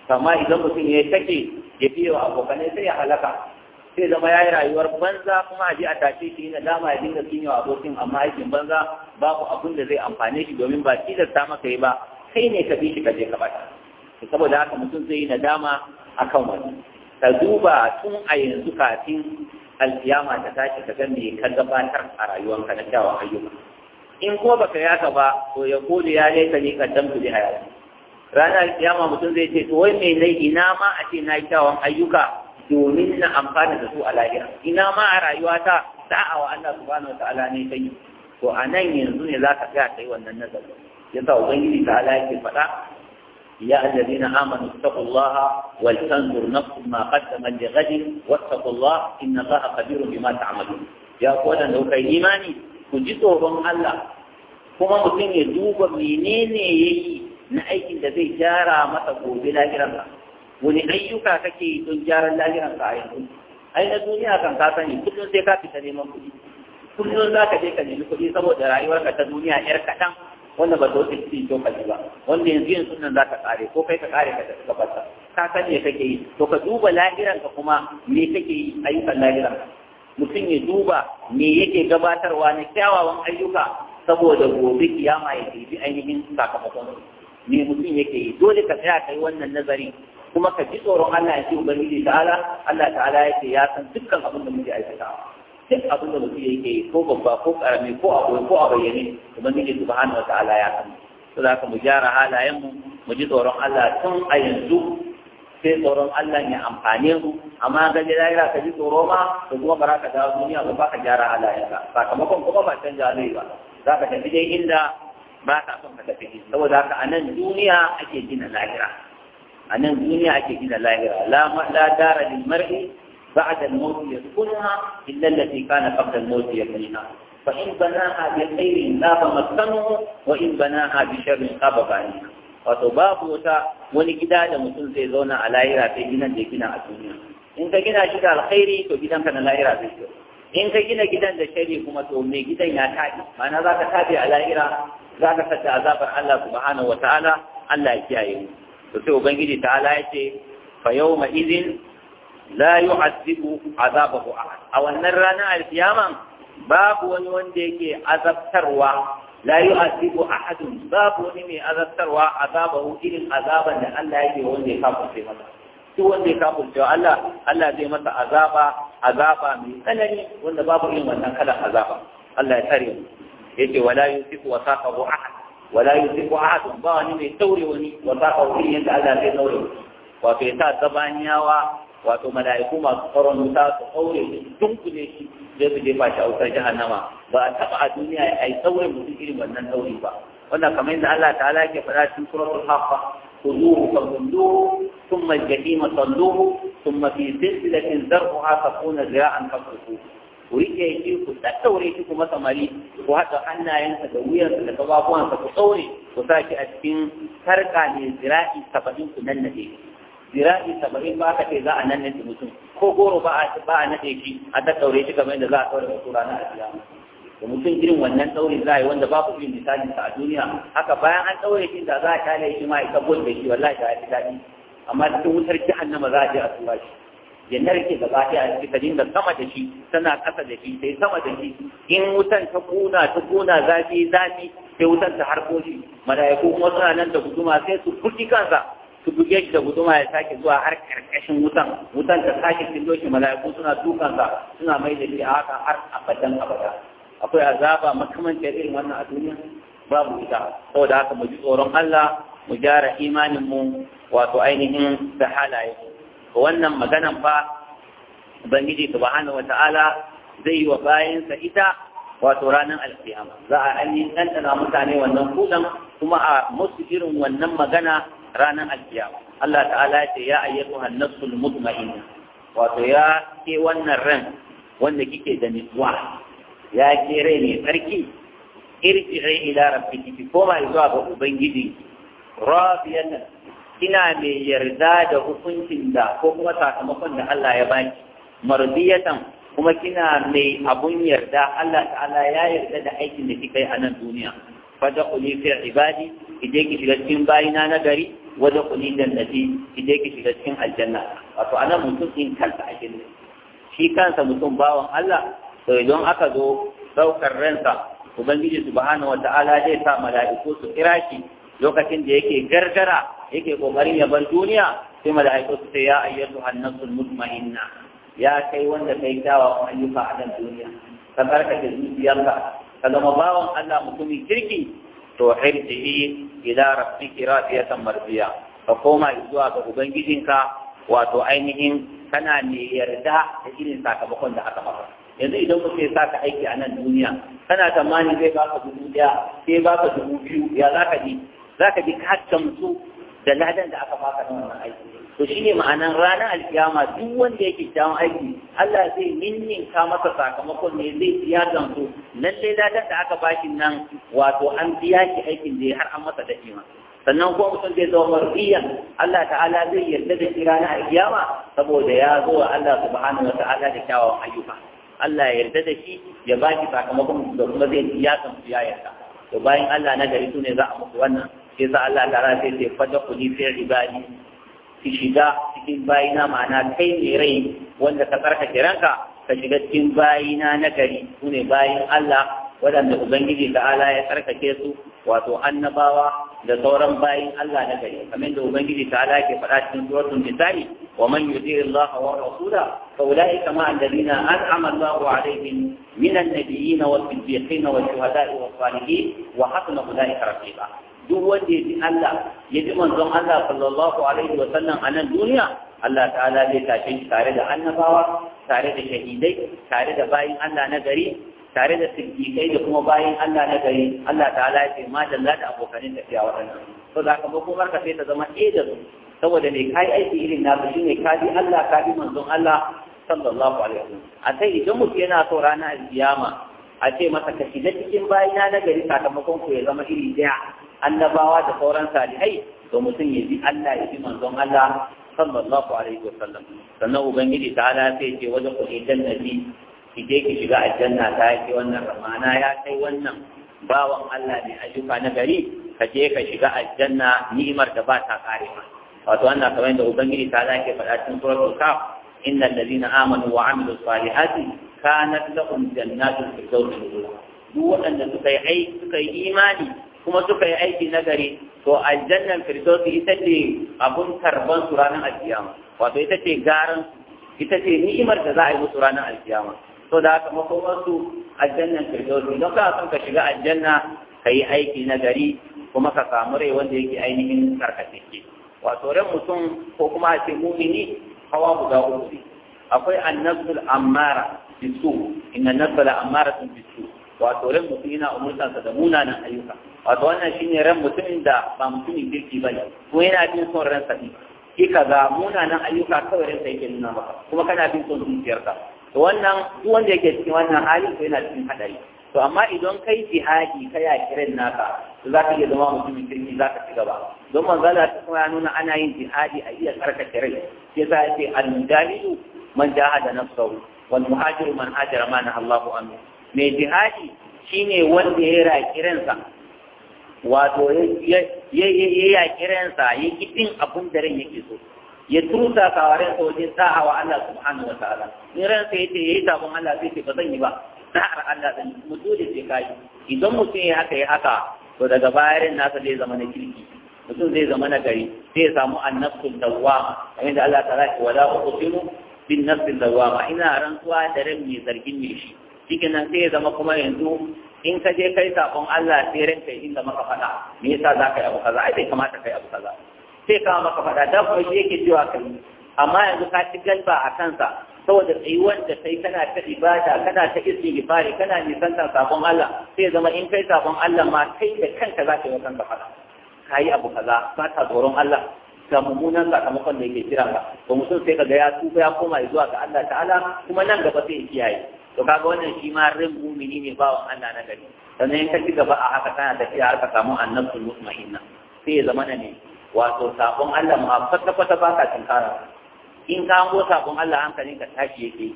ka amma idan mutum ya take ya biyo abokanai sai ya halaka sai zama ya yi rayuwar banza kuma a ji a tashe shi na dama ya dinga cinyewa abokin amma aikin banza babu abin da zai amfane shi domin ba tilasta maka yi ba kai ne ka bi shi ka je ka bata saboda haka mutum zai yi nadama kan wani ka duba tun a yanzu kafin alfiyama ta tashi ka ga mai ka gabatar a ka na kyawun ayyuka in ko baka yaka ba to ya kodi ya ne ni kaddamtu bi hayaki. ranar alfiyama mutum zai ce to wai me laifi na ma a ce na kyawun ayyuka domin na amfani da su a lahira ina ma a rayuwa ta da'a wa Allah subhanahu wataala ne ta yi to a nan yanzu ne za ka tsaya ka yi wannan nazari ya sa ubangiji ta ala yake faɗa ya alladhina amanu ittaqullaha wal tanzur nafsun ma qaddamat li ghadin wattaqullaha inna allaha khabirun bima ya ku wadanda kuka yi imani ku ji tsoron Allah kuma mutum ya duba menene yayi na aikin da zai gyara masa gobe lahiran sa wani ayyuka kake yi don gyaran lahiran ka a yanzu ai na duniya kan ka sani kullum sai ka fita neman kuɗi kullum za ka je ka nemi kuɗi saboda rayuwarka ta duniya yar kaɗan wanda ba zo tafi to ka ba wanda yanzu yanzu nan za ka kare ko kai ka kare ka tafi gabata ka san me kake yi to ka duba lahiran ka kuma me kake yi ayyukan lahiran mutum ya duba me yake gabatarwa na kyawawan ayyuka saboda gobe kiyama ya bi ainihin sakamakon me mutum yake yi dole ka tsaya yi wannan nazari kuma ka ji tsoron Allah ya ce ubangiji ta'ala Allah ta'ala yake ya san dukkan abin da muke aikata duk abin da mutum yake ko babba ko karami ko a ko a bayyane ubangiji subhanahu wa ta'ala ya san to za ka mu gyara halayenmu mu ji tsoron Allah tun a yanzu sai tsoron Allah ya amfane mu amma ga jira ira ka ji tsoro ma to kuma ba ka dawo duniya ba ka gyara halayen ka sakamakon kuma ba canja ba za ka tafi dai inda ba ka son ka tafi saboda haka a nan duniya ake gina lahira a nan duniya ake gina lahira Lamar la dara lil mar'i ba'da al-maut yaskunha illa allati kana qabla al-maut yabniha fa in banaha bi khairin la tamassanuhu wa in banaha bi sharrin khaba baniha wato babu wata wani gida da mutum zai zauna a lahira sai gidan da gina a duniya in ka gina shi da alkhairi to gidan ka na lahira zai kyau in ka gina gidan da shari kuma to mai gidan ya tabi ma'ana za ka tabi a lahira za ka sata azabar Allah subhanahu wa ta'ala Allah ya kiyaye mu sai ubangiji ta ala ya ce fa yau ma izin la yi azibu azabahu a wannan ranar alkiyaman babu wani wanda yake azabtarwa la yi azibu ahadun babu wani mai azabtarwa azabahu irin azaban da Allah yake wanda ya kafurce masa duk wanda ya kafurce Allah Allah zai masa azaba azaba mai tsanani wanda babu irin wannan kalan azaba Allah ya tare mu yace wala yusifu wasaqahu ahad ولا يدرك أحد ظالم الثور وساقه فيه على في الثور وفي تات زبانيا wato mala'iku masu tsaron wuta su aure su dunkule shi zai su jefa shi a wutar jahannama ba a taba a duniya a yi saurin mutum irin wannan sauri ba wannan kamar yadda Allah ta'ala ke faɗa cikin suratul haqqa خذوه فغلوه ثم الجحيم صلوه ثم في سلسلة ذرعها تكون ذراعا فاتركوه ku riƙe shi ku tattaure shi kuma samari ku haɗa hannayensa da wuyansa da gabafuwansa ku tsaure ku sa shi a cikin sarƙa ne zira'i saba'in ku nan naɗe zira'i saba'in ba ka ce za a nan naɗe mutum ko goro ba a ba a naɗe shi a tattaure shi kamar yadda za a tsaure mutum ranar alƙiyama da mutum irin wannan ɗaure za a yi wanda babu irin misalinsa a duniya haka bayan an ɗaure shi da za a kyale shi ma ita gol da shi wallahi da ya fi daɗi amma cikin wutar jahannama za a je a tura shi ya ke gaba ɗaya a cikin dinga sama da shi tana kasa da shi sai sama da shi in wutan ta kuna ta kuna zafi zafi sai wutan ta harko shi mala'iku kuma suna nan da guduma sai su kurki kansa su buge shi da guduma ya sake zuwa har karkashin wutan wutan ta sake tillo shi mala'iku suna dukansa suna mai da shi a haka har abadan abada akwai azaba makamancin irin wannan a duniya babu ita saboda haka mu ji tsoron Allah mu gyara imanin mu wato ainihin da halaye wannan maganan fa ubangiji subhanahu wata'ala zai yi wa bayansa ita wato ranar alkiyama za a ainihin ɗanɗana mutane wannan kudan kuma a musu irin wannan magana ranar alkiyama Allah ta'ala ya ce ya ayyatu hannasul mutma'inna wato ya ke wannan ran wanda kike da nutsuwa ya ke rai mai tsarki irji rai ila rabbiki ki koma zuwa ga ubangiji rabiyatan Kina mai yarda da hukuncin da ko kuma sakamakon da Allah ya baki mardiyatan kuma kina mai abun yarda Allah ta'ala ya yarda da aikin da kika yi a nan duniya fada kuli fi ibadi idan ki shiga cikin bayina na gari wada kuli jannati idan ki shiga cikin aljanna wato ana mutum in kansa ake ne shi kansa mutum bawan Allah to idan aka zo daukar ransa ubangiji subhanahu wataala zai sa mala'iku su kira shi lokacin da yake gargara yake kokarin ya bar duniya sai mala'iku su ce ya ayyatu hannasul mutma'inna ya kai wanda kai dawa ayyuka a nan duniya ka karkace zuciyarka ka zama bawan Allah mutumin kirki to hirjihi ila rabbiki radiyatan marziya ka koma zuwa ga ubangijinka wato ainihin kana ne yarda da irin sakamakon da aka maka yanzu idan mutum ya saka aiki a nan duniya kana tsammani zai baka dubu daya sai baka dubu biyu ya ka ji za ka bi ka gamsu da ladan da aka baka na wannan aiki to shine ma'anan ranar alkiyama duk wanda yake kyawun aiki Allah zai ka masa sakamakon ne zai biya gamsu lallai ladan da aka baki nan wato an biya shi aikin da har an masa da ma. sannan kuma mutum zai zama marfiya Allah ta'ala zai yarda da shi ranar alkiyama saboda ya zo wa Allah subhanahu wa ta'ala da kyawawan ayyuka Allah ya yarda da shi ya baki sakamakon da kuma zai ya san ya yarda to bayan Allah na gari su ne za a mutu wannan sai sa Allah ta rafe sai fada kuli fi ibadi ki shiga cikin bayina ma'ana kai ne rai wanda ka tsarkake ranka ka shiga cikin bayina na gari su ne bayin Allah waɗanda Ubangiji ta'ala ya tsarkake su wato annabawa da sauran bayin Allah na gari kamar da Ubangiji ta'ala ke faɗa cikin suratul nisa'i wa man yuti Allah wa rasula fa ulaika ma alladhina an'ama Allahu alaihim min an-nabiyyin was-siddiqin wash-shuhada'i was-salihin wa hasuna ulaika rafiqa duk wanda ya ji Allah ya ji manzon Allah sallallahu alaihi wa sallam a nan duniya Allah ta'ala zai tashe tare da annabawa tare da shahidai tare da bayin Allah na gari tare da siddiƙai da kuma bayin Allah na gari Allah ta'ala ya ce ma dalla da abokanin tafiya waɗannan to za ka ba makomar ka sai ta zama ɗaya da su saboda ka yi aiki irin nasu shine ka bi Allah ka bi manzon Allah sallallahu alaihi wa sallam. a sai idan mutum yana so ranar alkiyama a ce masa ka shiga cikin bayina na gari sakamakon ku ya zama iri ɗaya. annabawa da sauran salihai to mutum ya bi Allah ya bi manzon Allah sallallahu alaihi wasallam sannan ubangiji ta ala sai ce wajen kuɗi jannati ki je ki shiga aljanna ta ke wannan ramana ya kai wannan bawan Allah ne ayyuka na gari ka je ka shiga aljanna ni'imar da ba ta kare ba wato ana kamar da ubangiji ta ala ke faɗa cikin suratul kaf innal ladina amanu wa amilus salihati kanat lahum jannatul firdaus nuzula duk waɗanda suka yi aiki suka yi imani kuma suka yi aiki nagari to aljannan firdausi ita ce abun karban su ranar alkiyama wato ita ce garan ita ce ni'imar da za a yi musu ranar alkiyama to da haka makomar su aljannan firdausi don ka son ka shiga aljanna ka yi aiki nagari kuma ka samu rai wanda yake ainihin karkatacce wato ran mutum ko kuma a ce mumini hawa guda uku akwai annabul ammara bisu inna nabala ammara bisu wato ran mutum yana umurtansa da munanan ayyuka wato wannan shine ran mutumin da ba mutumin kirki ba ne ko yana bin son ransa ne ki ga munanan ayyuka kawai ransa yake nuna maka kuma kana bin son zuciyarka to wannan duk wanda yake cikin wannan hali to yana cikin hadari to amma idan kai jihadi ka ya kiran naka za ka iya zama mutumin kirki za ka ci gaba don manzala ta kuma ya nuna ana yin jihadi a iya karkace rai sai za a ce al-mujahidu man jahada nafsahu wal muhajiru man hajara ma na Allahu amin mai jihadi shi ne wanda ya raƙi ransa wato ya yaƙi ransa ya kiɗin abin da ran yake so ya tusa kawarin sojin a wa Allah subhanahu wa ta'ala in ransa ya ce ya yi sabon Allah sai ce ba zan yi ba har Allah zan yi mutu da sai idan mutum ya haka ya haka to daga bayarin nasa zai zama na kirki mutum zai zama na gari zai samu annabtul dawwama kamar da Allah ta rashi wala uqsimu bin nafsil dawwama ina rantsuwa da ran mai zargin ne shi cikin nan sai ya zama kuma yanzu in ka je kai sakon Allah sai ranka yi inda maka faɗa me yasa za ka yi abu kaza ai bai kamata kai abu kaza sai ka maka faɗa da kuma shi yake cewa kai amma yanzu ka ci galba a kansa saboda tsayuwar da kai kana ta ibada kana ta istighfari kana nisantar sakon Allah sai ya zama in kai sakon Allah ma kai da kanka za ka yi kanka fada ka yi abu kaza ba ta tsoron Allah ga mummunan sakamakon da yake kira ka to mutum sai kaga ya tuba ya koma zuwa ga Allah ta'ala kuma nan gaba sai ya kiyaye to kaga wannan shi ma rin mumini ne wa Allah na gari sannan in ka ci gaba a haka kana tafiya har ka samu annabtu mutmainna sai ya zama ne wato sabon Allah ma kwata kwata ba ka tinkara in ka hango sabon Allah hankalin ka tashi yake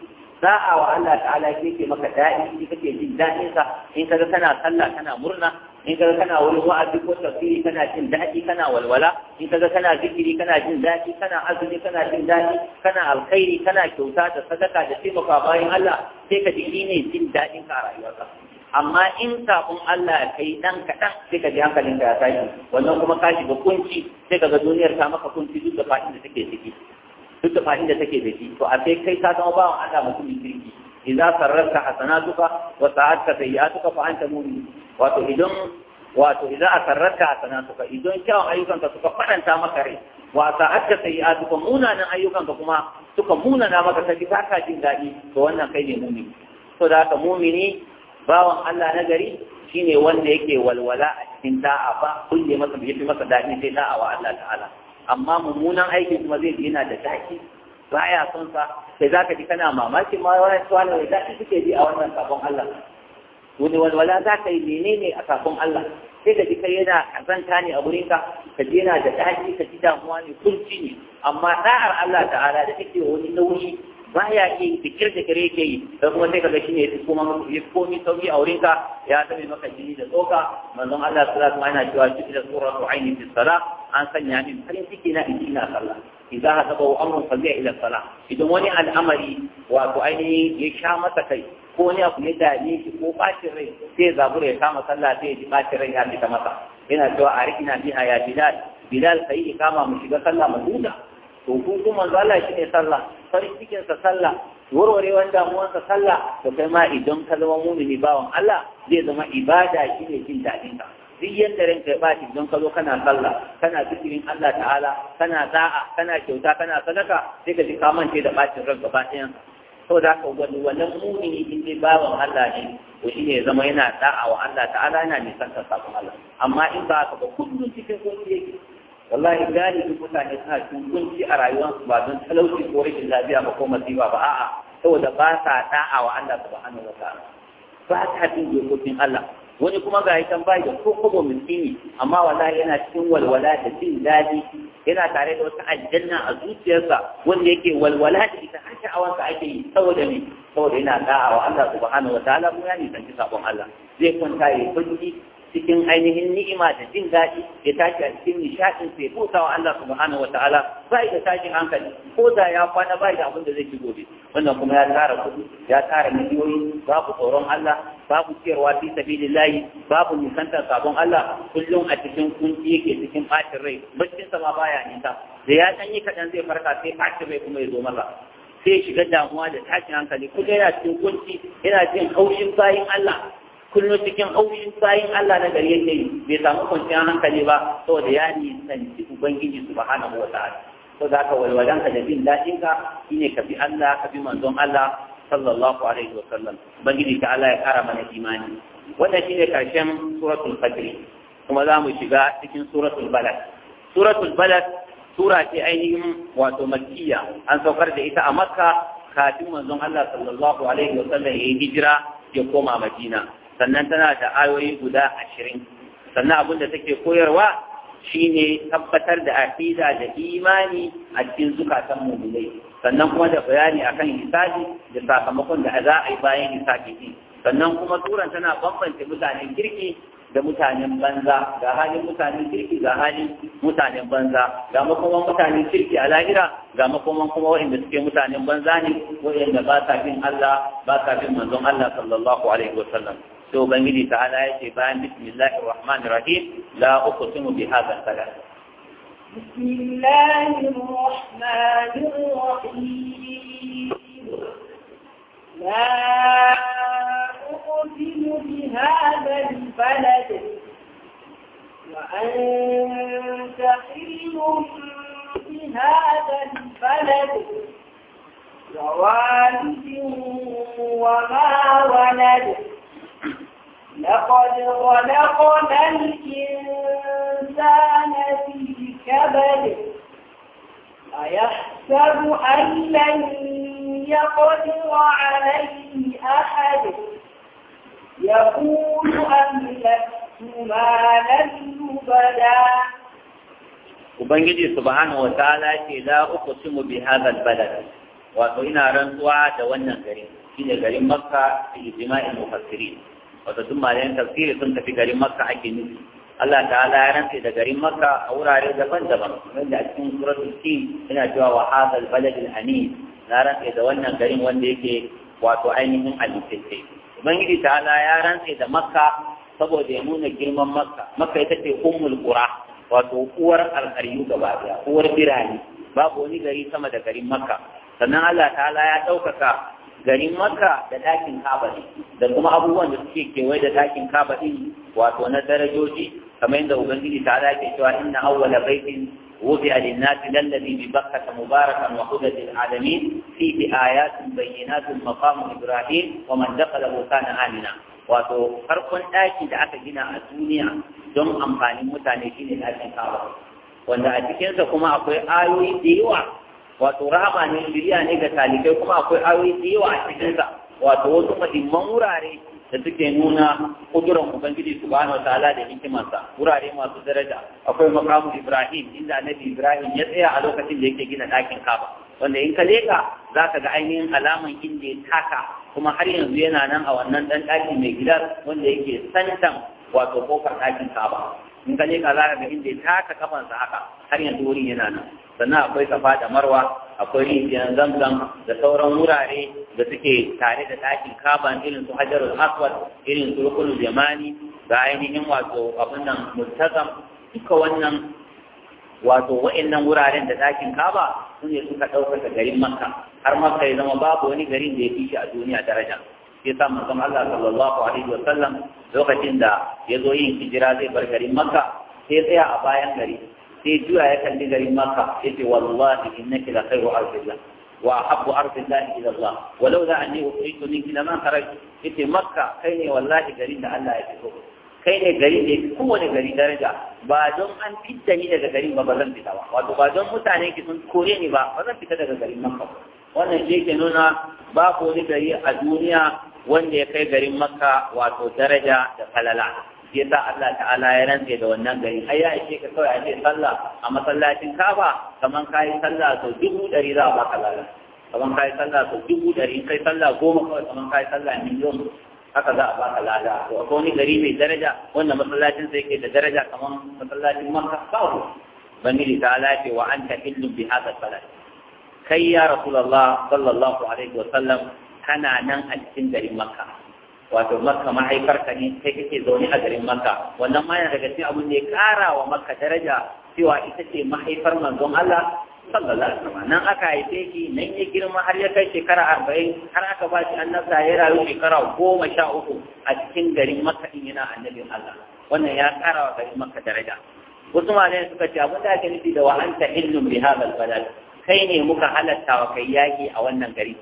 sa'a wa Allah ta'ala ke ke maka daɗi shi kake jin daɗin sa in kaga kana sallah kana murna in kaga kana wani wa'azi ko tafsiri kana jin daɗi kana walwala in kaga kana zikiri kana jin daɗi kana azumi kana jin daɗi kana alkhairi kana kyauta da sadaka da taimaka bayan Allah sai ka ji ne jin daɗin ka a rayuwarka amma in sabon Allah kai dan kaɗan sai ka ji hankalinka ya tashi wannan kuma ka shiga kunci sai ka ga duniyar ta maka kunci duk da fa'in da take ciki duk da fa'in da take da shi to a sai kai ka zama bawan Allah mutumin kirki idan sarrafta hasanatuka wa sa'atka sayyi'atuka fa anta mu'min wato idan wato idan a sarrarka hasanatuka idan kyawun ayyukanka suka faranta maka rai wa sa'atka sayyi'atuka munanan ka kuma suka munana maka kaji ba ka jin daɗi to wannan kai ne mumini to da haka mumini bawan Allah nagari, gari shine wanda yake walwala a cikin da'a ba kulle masa bai fi masa daɗi sai da'a wa Allah ta'ala amma mummunan aikin kuma zai yana da taki baya son sa sai zaka ji kana mamaki ma wani tsawon da zaki suke ji a wannan sabon Allah wani walwala za ka yi menene a sabon Allah sai ka ji kai yana kazanta ne a wurinka. ka ka ji yana da taki ka ji damuwa ne kulci ne amma da'ar Allah ta'ala da take wani nauyi ba ya iya yi fikir da kare yake yi da kuma sai kaga shine yafi kuma muku yafi komi sauki a wurinka ya zame maka jini da tsoka manzon Allah sallallahu alaihi wasallam yana cewa cikin suratu aini fi salat an sanya min farin ciki na in ina sallah idza hasaba amrun fazi'a ila salah idan wani al'amari wato ainihin ya sha masa kai ko wani abu ya dame shi ko bacin rai sai zabura ya kama sallah sai ya ji bacin rai ya fita masa yana cewa a rikina biha ya bilal bilal sai kama mu shiga sallah mu duka to gungun manzo Allah shine sallah farin cikin sa sallah warwarewar damuwar sa sallah to kai ma idan ka zama mumini bawan Allah zai zama ibada shine jin dadin ka duk yanda ranka ya bata idan ka zo kana sallah kana zikirin Allah ta'ala kana za'a kana kyauta kana sadaka sai ka ji ka mance da bacin ran gaba ɗayan sau da haka wani wannan muni in dai bawan Allah ne to shi ne zama yana da'a wa Allah ta'ala yana nisan sabon Allah amma in ba ka ba kullum cikin kunci wallahi galibi mutane suna cikin a rayuwarsu ba don talauci ko rashin lafiya ba ko masifa ba a'a saboda ba sa da'a wa Allah subhanahu wataala ba ta bin dokokin Allah wani kuma ga yakan bai da ko kobo miskini amma wallahi yana cikin walwala da jin daɗi yana tare da wata aljanna a zuciyarsa wanda yake walwala da ita har sha'awarsa ake yi saboda me saboda yana da'a wa Allah subhanahu wataala kuma ya nisanci sabon Allah zai kwanta ya yi cikin ainihin ni'ima da jin daɗi ya tashi a cikin nishaɗin sai kotawa Allah subhanahu wa ta'ala ba da tashin hankali ko da ya kwana ba da abin da zai ci gobe wannan kuma ya tara kuɗi ya tara miliyoyi babu tsoron Allah babu ciyarwa fi sabilillahi babu nisantar sabon Allah kullum a cikin kunci yake cikin ɓacin rai baccin sa ma baya nisa da ya ɗan yi kaɗan zai farka sai ɓacin rai kuma ya zo masa sai shiga damuwa da tashin hankali kullum yana cikin kunci yana jin haushin bayin Allah kullum cikin haushin bayin Allah na gari yake yi bai samu kwanciyar hankali ba saboda ya nisanci ubangiji subhanahu wa ta'ala ko za ka walwalan ka da bin daɗin ka shine ka bi Allah ka bi manzon Allah sallallahu alaihi wa sallam ubangiji ta Allah ya kara mana imani wannan shi ne karshen suratul fajr kuma za mu shiga cikin suratul balad suratul balad sura ce ainihin wato makkiya an saukar da ita a makka kafin manzon Allah sallallahu alaihi wa sallam ya yi hijira ya koma madina sannan tana da ayoyi guda ashirin sannan abin da take koyarwa shine tabbatar da aqida da imani a cikin zukatan mu'minai sannan kuma da bayani akan hisabi da sakamakon da za a yi bayan hisabi din sannan kuma turan tana bambance mutanen kirki da mutanen banza ga halin mutanen kirki ga halin mutanen banza ga makoman mutanen kirki a lahira ga makoman kuma waɗanda suke mutanen banza ne waɗanda ba sa bin Allah ba sa bin manzon Allah sallallahu alaihi wasallam sai ubangiji ta ala ya ce bayan bismillahir rahmanir rahim la uqsimu bi hadha al-balad bismillahir rahmanir rahim la uqsimu bi hadha al-balad wa anta hilum bi hadha al-balad ووالد وما ولد لقد خلقنا الإنسان في كبد أيحسب أن لن يقدر عليه أحد يقول أملكت مالا لبدا Ubangiji subhanahu wa ta'ala ce la uqsimu bi hadha al-balad wato ina rantsuwa da wannan gari shine garin Makka bi ijma'il mufassirin wato duk malayan tafsiri sun tafi garin makka ake nufi Allah ta'ala ya rantse da garin makka a wurare daban-daban wanda a cikin suratul tin yana cewa wa hadal balad al amin na rantse da wannan garin wanda yake wato ainihin alifai ubangiji ta'ala ya rantse da makka saboda ya nuna girman makka makka ita ce ummul qura wato uwar alƙaryu gaba daya uwar birane babu wani gari sama da garin makka sannan Allah ta'ala ya ɗaukaka garin makka da ɗakin kaba ne da kuma abubuwan da suke kewaye da ɗakin kaba ɗin wato na darajoji kamar yadda ubangiji ta ala ke cewa inna awwala baitin wudi'a lin-nasi lallazi bi bakkata mubarakan wa hudan lil-alamin fihi ayatun bayyinatun maqamu ibrahim wa man dakhalahu kana amina wato farkon ɗaki da aka gina a duniya don amfanin mutane shine ɗakin kaba wanda a cikinsa kuma akwai ayoyi da yawa wato raba ne shiriya ne ga talibai kuma akwai awi da yawa a cikinsa wato wasu muhimman wurare da suke nuna kuduran ubangiji su subhanahu ta'ala da hikimarsa wurare masu daraja akwai makamu ibrahim inda annabi ibrahim ya tsaya a lokacin da yake gina ɗakin kaba wanda in ka leka za ka ga ainihin alaman inda ya taka kuma har yanzu yana nan a wannan ɗan ɗaki mai gidan wanda yake santan wato kofar ɗakin kaba in ka leka za ka ga inda ya taka kafansa haka har yanzu wurin yana nan sannan akwai kafa da marwa akwai rijiyar zamzam da sauran wurare da suke tare da ɗakin kaban irin su hajarul aswad irin su rukunul yamani da ainihin wato abin nan mutazam duka wannan wato wa'annan wuraren da ɗakin kaba sun ne suka ɗaukaka garin makka har makka ya zama babu wani garin da ya fi shi a duniya daraja sai sa manzon Allah sallallahu alaihi wa sallam lokacin da ya zo yin hijira zai bar garin makka sai tsaya a bayan gari sai juya ya kalli garin maka yace wallahi innaki la khairu arzillah wa habbu arzillahi ila Allah walau la anni uqitu min kila man kharaj yace makka kai ne wallahi gari da Allah ya fito kai ne gari ne kowane gari daraja ba don an fidda ni daga garin ba ba zan fita ba wato ba don mutane ki sun kore ni ba ba zan fita daga garin makka wannan shi ke nuna babu wani gari a duniya wanda ya kai garin makka wato daraja da falala shi yasa Allah ta'ala ya rantse da wannan gari ai ya ishe ka kawai a ce sallah a masallacin kafa kaman kai sallah sau dubu ɗari za a baka lada kaman kai sallah sau dubu ɗari kai sallah goma kawai kaman kai sallah miliyon haka za a baka lada to akwai wani gari mai daraja wanda masallacin sa yake da daraja kaman masallacin Makka babu bangiji ta lafi wa an ta illu bi hadha salat kai ya rasulullah sallallahu alaihi wa sallam kana nan a cikin garin Makka wato makka mahaifarka ne kai kake zaune a garin makka wannan ma yana daga cikin abin da ya kara wa makka daraja cewa ita ce mahaifar manzon Allah sallallahu alaihi wasallam nan aka haife shi nan ya girma har ya kai shekara arba'in har aka ba shi annabta ya rayu shekara goma sha uku a cikin garin makka din yana annabin Allah wannan ya kara wa garin makka daraja wasu malamai suka ce abin da ake nufi da wa anta illum bi hadha al kai ne muka halatta wa kai yaki a wannan gari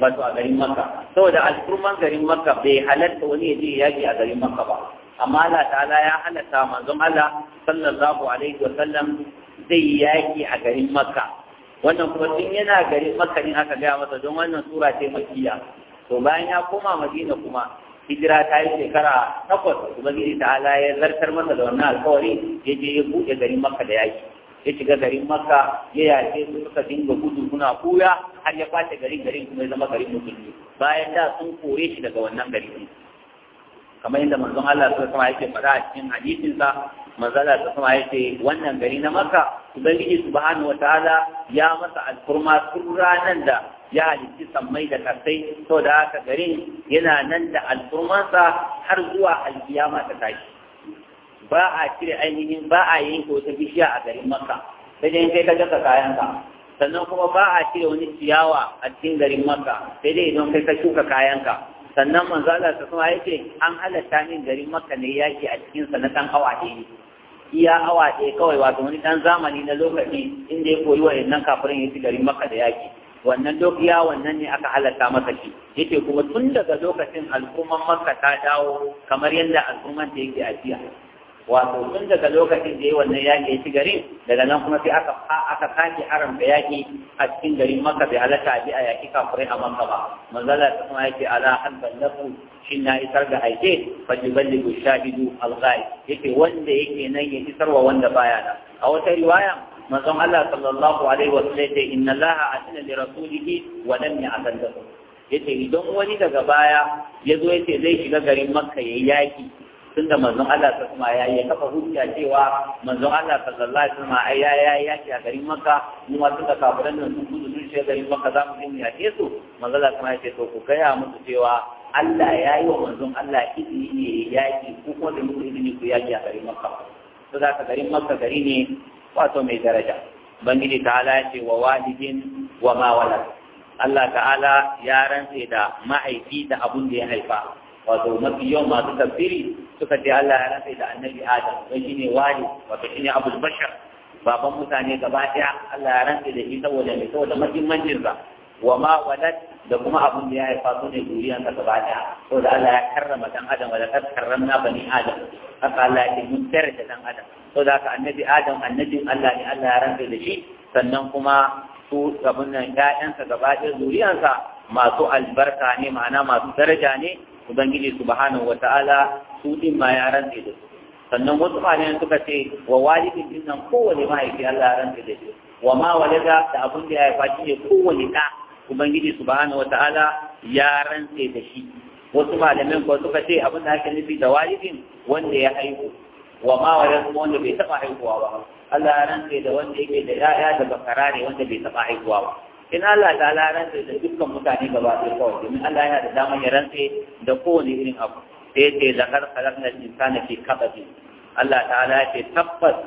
wato a garin makka saboda alkurman garin makka bai halatta wani ya je yaƙi a garin makka ba amma Allah ta'ala ya halatta manzon Allah sallallahu alaihi wa sallam zai yaƙi a garin makka wannan kuma tun yana garin makka ne aka gaya masa don wannan sura ce makiya to bayan ya koma madina kuma hijira ta yi shekara takwas ubangiji ta'ala ya zartar masa da wannan alkawari ya je ya buɗe garin makka da yaƙi ya shiga garin makka ya yace su suka dinga gudu suna kuya har ya kwace garin garin kuma ya zama garin musulmi bayan da sun kore shi daga wannan garin kamar yadda manzon Allah sallallahu alaihi yake fara a cikin hadisin sa manzon Allah ya yake wannan gari na Makka ubangiji subhanahu wataala ya masa alfurma tun ranan da ya halitti sammai da kasai saboda haka garin yana nan da alfurmansa har zuwa alkiyama ta tashi ba a cire ainihin ba a yanke wata bishiya a garin makka sai dai kai ka kayan kayanka sannan kuma ba a cire wani ciyawa a cikin garin makka sai dai idan kai ka shuka kayanka sannan manzo Allah ta kuma yake an halatta min garin makka ne yake a cikin sa na dan awa ɗaya iya awa ɗaya kawai wato wani dan zamani na lokaci inda ya koyi wa'annan kafirin yake garin makka da yake wannan dokiya wannan ne aka halatta masa shi yake kuma tun daga lokacin al'umman makka ta dawo kamar yadda al'umman ta yake a jiya wato tun daga lokacin da ya wannan yaƙi ya ci garin daga nan kuma sai aka aka sake da yaƙi a cikin garin maka bai halatta bi a yaƙi kafirai a maka ba manzala ta kuma yake ala hadban nafu shi na isar da aike fa yuballighu shahidu al-ghaib yake wanda yake nan ya isarwa wanda baya da. a wata riwaya manzon Allah sallallahu alaihi wa sallam yace inna "Allah atina li rasulihi wa lam ya'tan yace idan wani daga baya ya yazo yace zai shiga garin makka yayi yaƙi tunda manzon Allah ta kuma ya yi kafa hujja cewa manzon Allah sallallahu alaihi wasallam ai ya ya ya ki a garin maka, mu ma tunda kafiran nan sun gudu sun shiga garin maka, za mu je mu yake su manzon Allah kuma ya ce to ku gaya musu cewa Allah ya yi wa manzon Allah izini ne ya yaki ko kuma da muku izini ku yaki a garin maka? to za ka garin Makka gari ne wato mai daraja bangiji ta'ala ya ce wa walidin wa ma walad Allah ta'ala ya rantse da ma'aifi da abun da ya haifa wato mafi yawan masu tafsiri suka ce Allah ya rafe da annabi Adam Wai shine wali wato shine Abul Bashar baban mutane gaba daya Allah ya rafe da shi saboda mai saboda muhimmancin sa wa ma walad da kuma abun da ya yi su ne duniyan ka gaba daya saboda Allah ya karrama dan Adam wa laqad karramna bani Adam haka Allah ya ce mun tsare da dan Adam saboda haka annabi Adam annabin Allah ne Allah ya rafe da shi sannan kuma su abun nan ƴaƴansa gaba ɗaya zuriyansa masu albarka ne ma'ana masu daraja ne ubangiji subhanahu wataala su din ma ya rantse da su sannan wasu malayan suka ce wa walidin din nan kowane mahaifi Allah ya rantse da shi wa ma walida da abun da ya haifa shi ne kowane da ubangiji subhanahu wataala ya rantse da shi wasu malamin ko suka ce abin da ake nufi da walidin wanda ya haihu wa ma walidin wanda bai taɓa haihuwa ba Allah ya rantse da wanda yake da ya'ya da bakara ne wanda bai taɓa haihuwa ba in Allah ta ala rantse da dukkan mutane gaba ɗaya kawai domin Allah yana da damar ya rantse da kowane irin abu sai ce na halakna insana fi kabadi Allah ta ala ce tabbas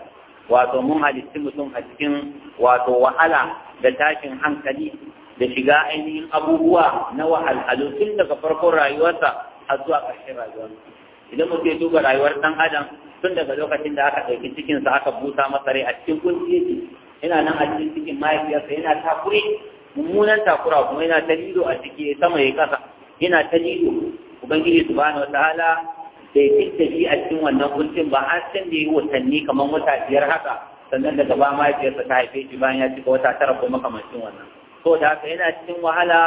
wato mun halitti mutum a cikin wato wahala da tashin hankali da shiga ainihin abubuwa na wahalhalu tun daga farkon rayuwarsa har zuwa ƙarshen rayuwarsa idan mutum ya duba rayuwar ɗan adam tun daga lokacin da aka ɗauki cikinsa aka busa masa rai a cikin kunci yake yana nan a cikin cikin mahaifiyarsa yana takure mummunan takura kuma yana ta lilo a ciki sama ya kasa yana ta lilo ubangiji subhanahu wataala bai fitta a cikin wannan kuncin ba har san da yi watanni kamar wata biyar haka sannan daga ba mahaifiyarsa ta haife shi bayan ya cika wata tara ko makamancin wannan to da haka yana cikin wahala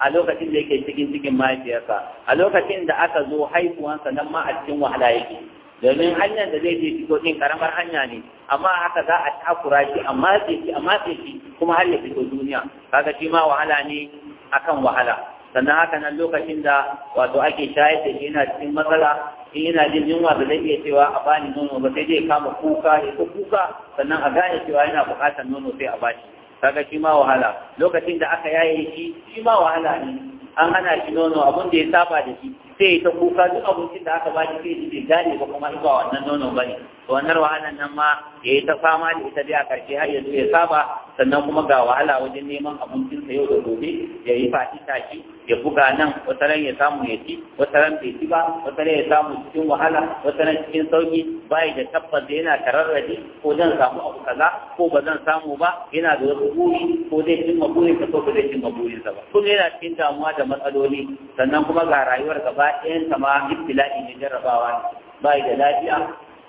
a lokacin da yake cikin cikin mahaifiyarsa a lokacin da aka zo haihuwansa nan ma a cikin wahala yake domin hanyar da zai je shigo ɗin karamar hanya ne amma haka za a takura shi a matse shi a matse shi kuma har ya fito duniya kaga shi ma wahala ne akan wahala sannan haka nan lokacin da wato ake shayar da shi yana cikin matsala in yana jin yunwa da zai iya cewa a bani nono ba sai zai kama kuka ya ko kuka sannan a gane cewa yana buƙatar nono sai a bashi kaga shi ma wahala lokacin da aka yaye shi shi ma wahala ne an hana shi nono abin da ya saba da shi sai ta kuka duk abincin da aka baki sai ji bai gane ba kuma in ba wannan nono ba ne wannan wahalan nan ma ya yi ta fama da ita dai a ƙarshe har yanzu ya saba sannan kuma ga wahala wajen neman abincinsa yau da gobe ya yi fati tashi ya buga nan wata ran ya samu ya ci wata ran bai ci ba wata ran ya samu cikin wahala wata ran cikin sauki bai da tabbas da yana tararraji ko zan samu abu kaza ko ba zan samu ba yana da wasu buri ko zai cimma burinsa ko ba zai cimma burinsa ba kuma yana cikin damuwa da matsaloli sannan kuma ga rayuwar gaba ɗayan ma ibtila'i ne jarrabawa ne bai da lafiya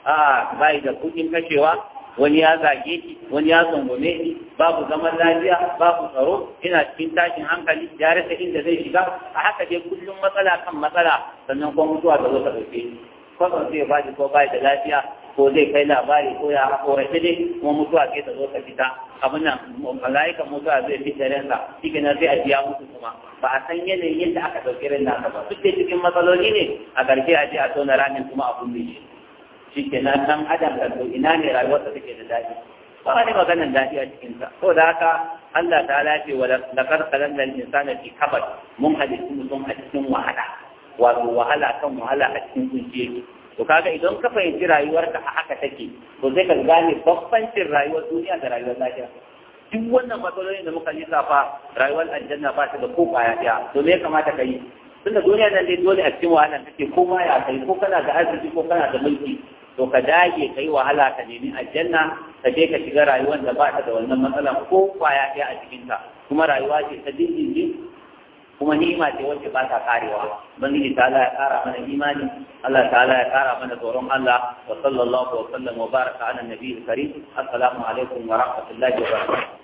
a bai da kudin kashewa wani ya zage shi wani ya tsangwame shi babu zaman lafiya babu tsaro ina cikin tashin hankali ya rasa inda zai shiga a haka dai kullum matsala kan matsala sannan kuma mutuwa ta zo ta ɗauke shi kwakwar zai ba ko bai da lafiya ko zai kai labari ko ya korafi ne kuma mutuwa ke ta zo ta fita abin nan mala'ikan mutuwa zai fi ransa shi na zai a biya mutu kuma ba a san yanayin yadda aka ɗauki ran nasa ba duk da cikin matsaloli ne a ƙarshe a a tona ranin kuma a kunne shi ke na ɗan adam da to ina ne rayuwarsa take da daɗi ba wani maganar daɗi a cikinsa ko da haka Allah ta lafi wa laqad khalaqna al-insana fi kabad mun halittu mutum a cikin wahala wato wahala kan wahala a cikin kunci yake to kaga idan ka fahimci rayuwarka a haka take to sai ka gane bambancin rayuwar duniya da rayuwar lafiya duk wannan matsalolin da muka lissafa rayuwar aljanna ba ta da ko kwaya ɗaya to me ya kamata ka yi tunda duniya nan dai dole a cikin wahala take ko ma ya kai ko kana da arziki ko kana da mulki to ka dage kai wahala ka nemi aljanna ka je ka shiga rayuwar da ba ta da wannan matsalan ko kwaya ɗaya a cikin ta kuma rayuwa ce ta dindindin kuma ni'ima ce wacce ba ta karewa ubangiji ta Allah ya kara mana imani Allah ta'ala ya kara mana tsoron Allah wa sallallahu wa sallam wa baraka ala nabiyil karim assalamu alaikum wa rahmatullahi wa barakatuh